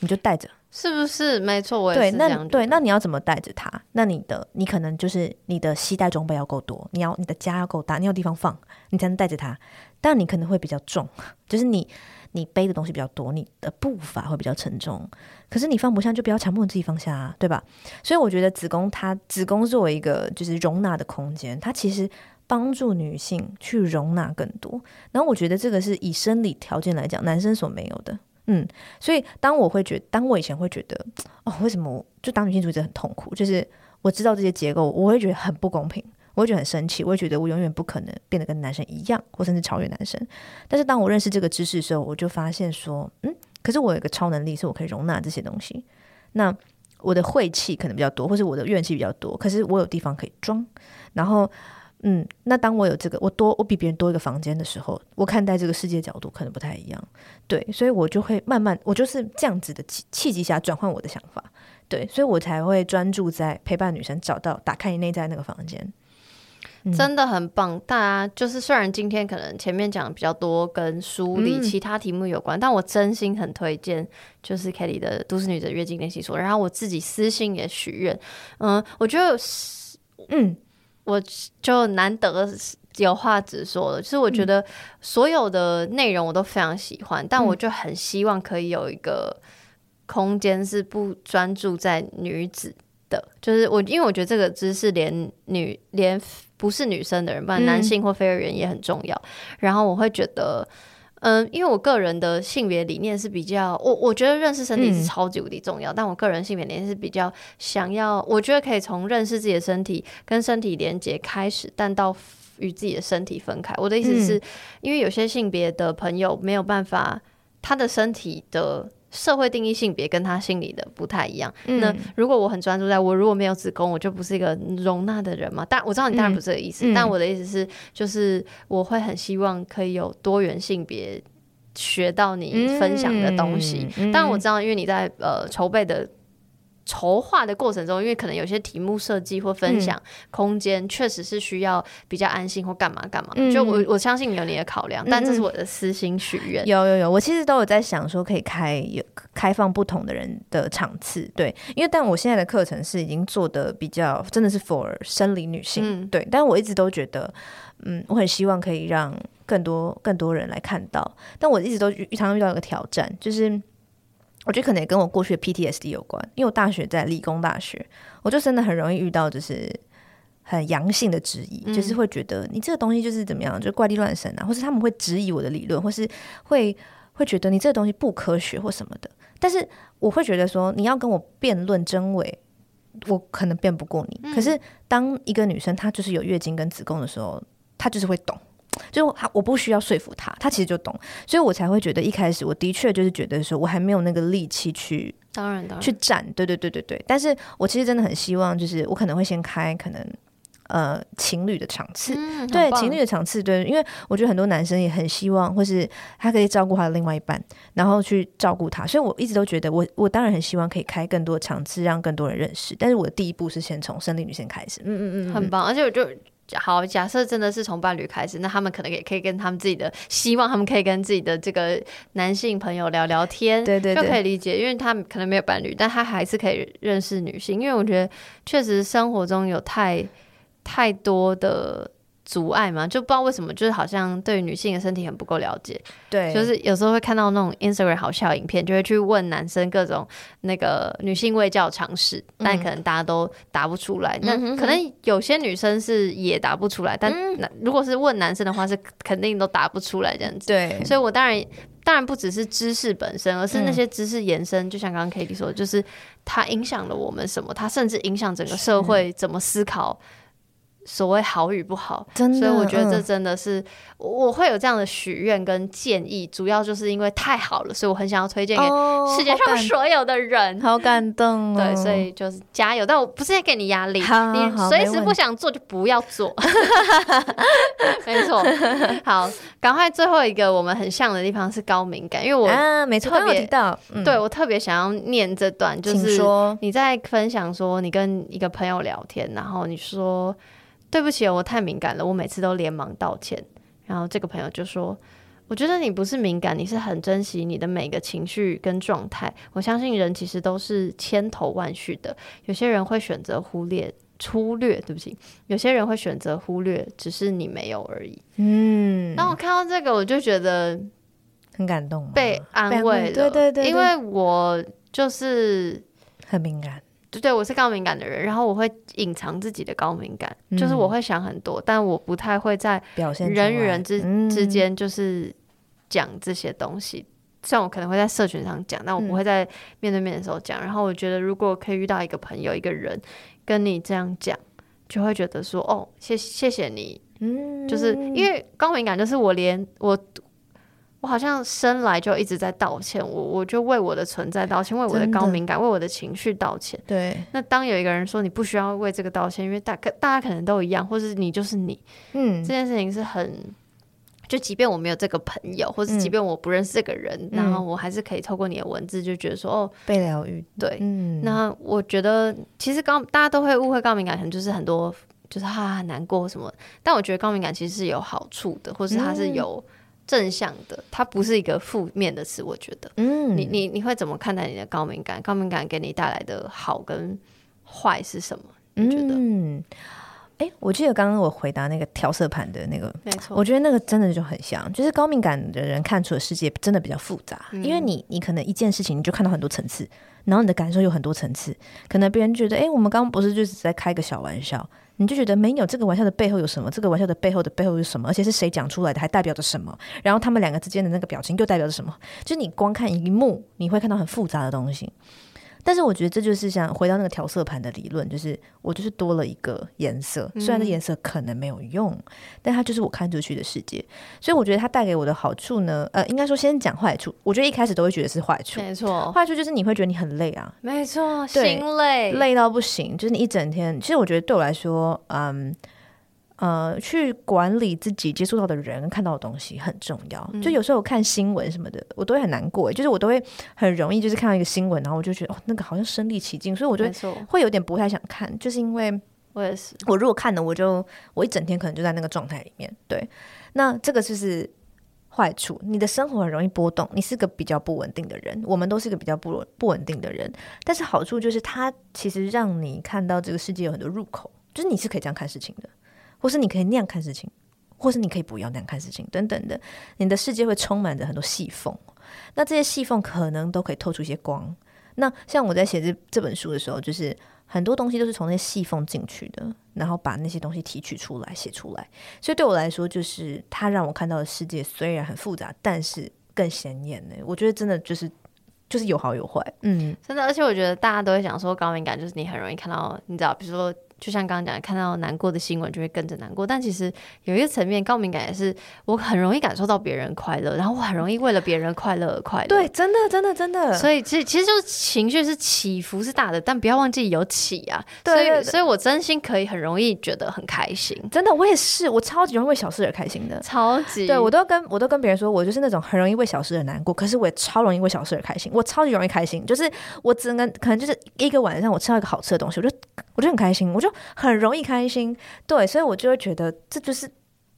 你就帶着，是不是？沒錯，我也是這樣對，那對，那你要怎麼帶着它？那你的，你可能就是你的攜帶裝備要夠多，你要你的家要夠大，你要有地方放，你才能帶着它。但你可能會比較重，就是你你背的東西比較多，你的步伐會比較沉重。可是你放不下就不要強迫自己放下啊，對吧？所以我覺得子宮它子宮作為一個就是容納的空間，它其實幫助女性去容納更多。然後我覺得這個是以生理條件來講，男生所沒有的。嗯，所以當我會覺得，當我以前會覺得，哦，為什麼就當女性主義者很痛苦？就是我知道這些結構，我會覺得很不公平，我會覺得很生氣，我會覺得我永遠不可能變得跟男生一樣，或甚至超越男生。但是當我認識這個知識的時候，我就發現說，嗯，可是我有個超能力，是我可以容納這些東西。那我的晦氣可能比較多，或是我的怨氣比較多，可是我有地方可以裝。然後，嗯，那當我有這個，我多我比別人多一個房間的時候，我看待這個世界角度可能不太一樣，對，所以我就會慢慢，我就是這樣子的契機下轉換我的想法，對，所以我才會專注在陪伴女生找到打開你內在那個房間，嗯、真的很棒。大家、啊、就是雖然今天可能前面講比較多跟書裡其他題目有關，嗯、但我真心很推薦就是凱 e 的《都市女的月經練習所》，然後我自己私信也許願，嗯，我覺得嗯。我就難得有話直說了，其實我覺得所有的內容我都非常喜歡，嗯、但我就很希望可以有一個空間是不專注在女子的，就是我因為我覺得這個知識連女連不是女生的人，不管男性或非二元也很重要，嗯、然後我會覺得。嗯，因為我個人的性別理念是比較，我我覺得認識身體是超級無敵重要。嗯、但我個人性別理念是比較想要，我覺得可以從認識自己的身體跟身體連接開始，但到與自己的身體分開。我的意思是、嗯、因為有些性別的朋友沒有辦法，他的身體的。社會定義性別跟他心裡的不太一樣。那如果我很專注在我如果沒有子宮，我就不是一個容納的人嗎？但我知道你當然不是這個意思，嗯、但我的意思是，就是我會很希望可以有多元性別學到你分享的東西。嗯、但我知道，因為你在呃籌備的。籌劃的過程中，因為可能有些題目設計或分享空間，確、嗯、實是需要比較安心或幹嘛幹嘛。嗯、就我我相信你有你的考量，嗯、但這是我的私心許願。有有有，我其實都有在想說，可以開有開放不同的人的場次，對，因為但我現在的課程是已經做得比較，真的是 for 生理女性，嗯、對。但我一直都覺得，嗯，我很希望可以讓更多更多人來看到，但我一直都遇常遇到一個挑戰，就是。我覺得可能也跟我過去的 PTSD 有關，因為我大學在理工大學，我就真的很容易遇到就是很陽性的質疑，嗯、就是會覺得你這個東西就是怎麼樣，就是怪力亂神啊，或是他們會質疑我的理論，或是會會覺得你這個東西不科學或什麼的。但是我會覺得說，你要跟我辯論真僞，我可能辯不過你。嗯、可是當一個女生她就是有月經跟子宮的時候，她就是會懂。就他，我不需要說服他，他其實就懂，所以我才會覺得一開始我的確就是覺得說，我還沒有那個力氣去當，當然的，去站，對對對對對。但是我其實真的很希望，就是我可能會先開可能呃情侶的場次，嗯、對情侶的場次，對，因為我覺得很多男生也很希望，或是他可以照顧他的另外一半，然後去照顧他。所以我一直都覺得我，我我當然很希望可以開更多場次，讓更多人認識。但是我的第一步是先從生理女性開始，嗯嗯嗯，嗯，很棒，而且我就。好，假設真的是從伴侶開始，那他們可能也可以跟他們自己的希望，他們可以跟自己的這個男性朋友聊聊天，對，對對，就可以理解，因為他可能沒有伴侶，但他還是可以認識女性，因為我覺得確實生活中有太太多的。阻礙嘛，就不知道為什麼，就是好像對女性的身體很不夠了解。對，就是有時候會看到那種 Instagram 好笑影片，就會去問男生各種那個女性衛教常識，嗯、但可能大家都答不出來。嗯、哼哼，那可能有些女生是也答不出來，嗯、但那如果是問男生的話，是肯定都答不出來這樣子。對，所以我當然當然不只是知識本身，而是那些知識延伸。嗯、就像剛剛 Cady 說的，就是它影響了我們什麼，它甚至影響整個社會怎麼思考。嗯所謂好與不好，真的，所以我覺得這真的是、嗯、我會有這樣的許願跟建議，主要就是因為太好了，所以我很想要推薦給世界上所有的人。哦、好感動，感動哦。對，所以就是加油，但我不是在給你壓力，好好好，你隨時不想做就不要做。沒錯問， 好，趕快最後一個，我們很像的地方是高敏感，因為我特、啊、沒錯，提到，嗯、對我特別想要念這段，就是你在分享說你跟一個朋友聊天，然後你說。對不起哦，我太敏感了，我每次都連忙道歉。然後這個朋友就說：“我覺得你不是敏感，你是很珍惜你的每個情緒跟狀態。我相信人其實都是千頭萬緒的，有些人會選擇忽略、粗略，對不起，有些人會選擇忽略，只是你沒有而已。”嗯，那我看到這個，我就覺得很感動，被安慰了，慰對，對對對，因為我就是很敏感。對，我是高敏感的人，然後我會隱藏自己的高敏感，嗯、就是我會想很多，但我不太會在表現人與人之、嗯、之間，就是講這些東西。雖然我可能會在社群上講，但我不會在面對面的時候講。嗯、然後我覺得，如果可以遇到一個朋友、一個人跟你這樣講，就會覺得說，哦，謝謝謝你。嗯、就是因為高敏感，就是我連我。我好像生來就一直在道歉，我我就為我的存在道歉，為我的高敏感，的為我的情緒道歉。對，那當有一個人說你不需要為這個道歉，因為大可大家可能都一樣，或是你就是你，嗯，這件事情是很，就即便我沒有這個朋友，或是即便我不認識這個人，嗯、然後我還是可以透過你的文字就覺得說哦，被療癒。對，嗯，那我覺得其實高大家都會誤會高敏感，可能就是很多就是啊難過什麼，但我覺得高敏感其實是有好處的，或是它是有。嗯正向的，它不是一個負面的詞，我覺得。嗯，你你你會怎麼看待你的高敏感？高敏感給你帶來的好跟壞是什麼？你覺得？哎、嗯欸，我記得剛剛我回答那個調色盤的那個，沒錯，我覺得那個真的就很像，就是高敏感的人看出的世界真的比較複雜，嗯、因為你你可能一件事情你就看到很多層次，然後你的感受有很多層次，可能別人覺得，哎、欸，我們剛剛不是就是在開個小玩笑。你就覺得沒有，這個玩笑的背後有什麼？這個玩笑的背後的背後有什麼？而且是誰講出來的，還代表着什麼？然後他們兩個之間的那個表情又代表着什麼？就是你光看一幕，你會看到很複雜的東西。但是我覺得這就是像回到那個調色盤的理論，就是我就是多了一個顏色，雖然這顏色可能沒有用，嗯、但它就是我看出去的世界。所以我覺得它帶給我的好處呢，呃，應該說先講壞處。我覺得一開始都會覺得是壞處，沒錯，壞處就是你會覺得你很累啊，沒錯，心累，累到不行，就是你一整天。其實我覺得對我來說，嗯。呃，去管理自己接觸到的人，看到的東西很重要。就有時候看新聞什麼的，嗯、我都會很難過、欸。就是我都會很容易，就是看到一個新聞，然後我就覺得哦，那個好像身歷其境，所以我就會有點不太想看，沒錯。就是因為我也是。我如果看了，我就我一整天可能就在那個狀態裡面。對，那這個就是壞處。你的生活很容易波動，你是個比較不穩定的人。我們都是一個比較不不穩定的人，但是好處就是它其實讓你看到這個世界有很多入口，就是你是可以這樣看事情的。或是你可以那樣看事情，或是你可以不要那樣看事情，等等的，你的世界會充滿着很多細縫。那這些細縫可能都可以透出一些光。那像我在寫這這本書的時候，就是很多東西都是從那些細縫進去的，然後把那些東西提取出來寫出來。所以對我來說，就是它讓我看到的世界雖然很複雜，但是更顯眼呢。我覺得真的就是就是有好有壞，嗯，真的。而且我覺得大家都會講說，高敏感就是你很容易看到，你知道，比如說。就像剛剛講的，看到難過的新聞就會跟着難過，但其實有一個層面，高敏感也是我很容易感受到別人快樂，然後我很容易為了別人快樂而快樂。對，真的，真的，真的。所以其實其實就是情緒是起伏是大的，但不要忘記有起啊。對，對，對，對，所以，所以我真心可以很容易覺得很開心。真的，我也是，我超級容易為小事而開心的，超級。對，我都跟我都跟別人說，我就是那種很容易為小事而難過，可是我也超容易為小事而開心，我超級容易開心，就是我整個可能就是一個晚上我吃到一個好吃的東西，我就我就很開心，我就。就很容易開心，對，所以我就會覺得這就是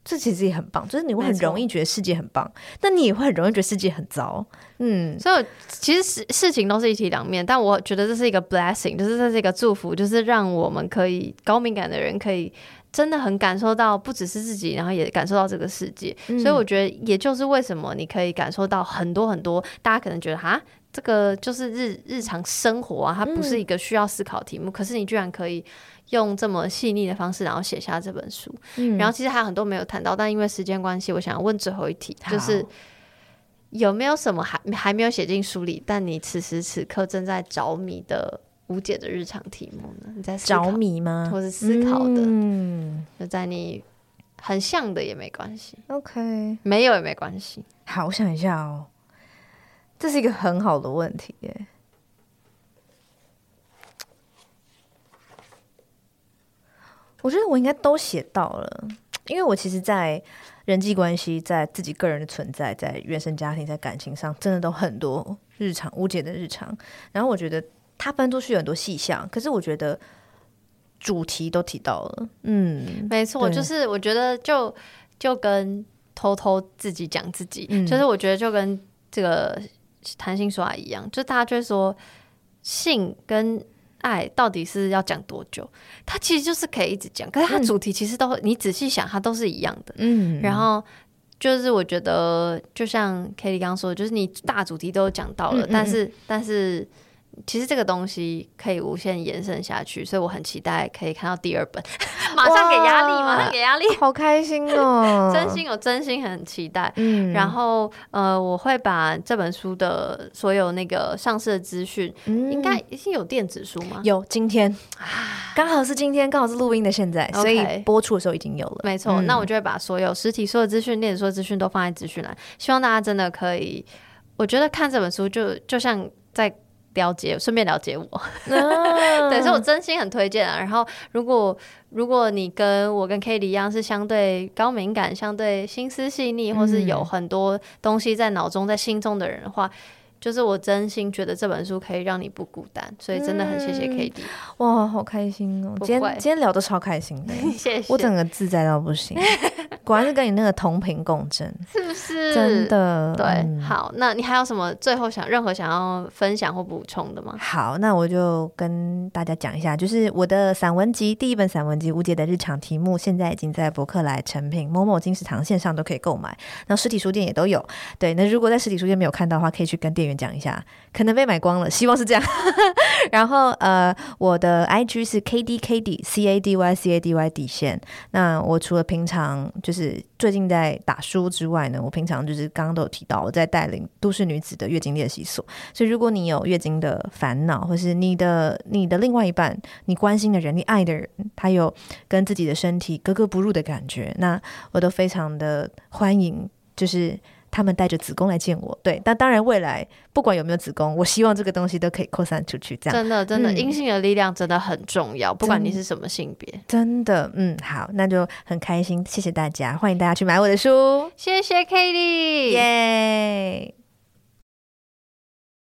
這其實也很棒，就是你會很容易覺得世界很棒，那沒錯，你也會很容易覺得世界很糟，嗯，所以其實事事情都是一體兩面，但我覺得這是一個 blessing，就是這是一個祝福，就是讓我們可以高敏感的人可以真的很感受到不只是自己，然後也感受到這個世界，所以我覺得也就是為什麼你可以感受到很多很多，嗯、大家可能覺得哈，這個就是日日常生活啊，它不是一個需要思考的題目，嗯、可是你居然可以。用這麼細膩的方式，然後寫下這本書，嗯、然後其實還有很多沒有談到，但因為時間關係，我想要問最後一題，好就是有沒有什麼還還沒有寫進書裡，但你此時此刻正在着迷的無解的日常題目呢？你在思考着迷嗎？或是思考的？嗯，就在你很像的也沒關係，OK，沒有也沒關係。好，我想一下哦，這是一個很好的問題耶。我覺得我應該都寫到了，因為我其實，在人際關係、在自己個人的存在、在原生家庭、在感情上，真的都很多日常無解的日常。然後我覺得他分出去很多細項，可是我覺得主題都提到了。嗯，沒錯，對，我就是我覺得就就跟偷偷自己講自己，嗯、就是我覺得就跟這個談性說愛一樣，就大家就是說性跟。愛、哎、到底是要講多久？它其實就是可以一直講，可是它主題其實都、嗯、你仔細想，它都是一樣的。嗯，然後就是我覺得，就像 Kelly 剛剛說的，就是你大主題都講到了，嗯嗯但是，但是。其實這個東西可以無限延伸下去，所以我很期待可以看到第二本。 馬上給壓力，哇馬上給壓力，好開心哦！真心我真心很期待。嗯，然後呃，我會把這本書的所有那個上市的資訊，嗯、應該已經有電子書嗎？有，今天啊，剛好是今天，剛好是錄音的現在，所以播出的時候已經有了。沒錯，那我就會把所有實體所有資訊、電子書資訊都放在資訊欄，希望大家真的可以。我覺得看這本書就就像在。了解，順便了解我，oh、 對，所以我真心很推薦啊。然後，如果如果你跟我跟 Cady 一樣是相對高敏感、相對心思細膩，嗯、或是有很多東西在腦中、在心中的人的話。就是我真心覺得這本書可以讓你不孤單，所以真的很謝謝 Cady、嗯、哇，好開心哦、喔怪！今天今天聊的超開心的，的。 謝謝我整個自在到不行， 果然是跟你那個同頻共振，是不是？真的對。嗯、好，那你還有什麼最後想任何想要分享或補充的嗎？好，那我就跟大家講一下，就是我的散文集第一本散文集《無解的日常題目》，現在已經在博客來、誠品、某某金石堂線上都可以購買，那實體書店也都有。對，那如果在實體書店沒有看到的話，可以去跟店。講一下，可能被買光了，希望是這樣。 然後呃，我的 IG 是 KDKD C A D Y C A D Y 底線。那我除了平常就是最近在打書之外呢，我平常就是剛剛都有提到，我在帶領都市女子的月經練習所。所以如果你有月經的煩惱，或是你的你的另外一半，你關心的人，你愛的人，他有跟自己的身體格格不入的感覺，那我都非常的歡迎，就是。他們帶着子宮來見我，對，但當然未來不管有沒有子宮，我希望這個東西都可以擴散出去。這樣真的真的，陰、嗯、性的力量真的很重要，不管你是什麼性別。真的，嗯，好，那就很開心，謝謝大家，歡迎大家去買我的書，謝謝 Cady，耶。Yeah!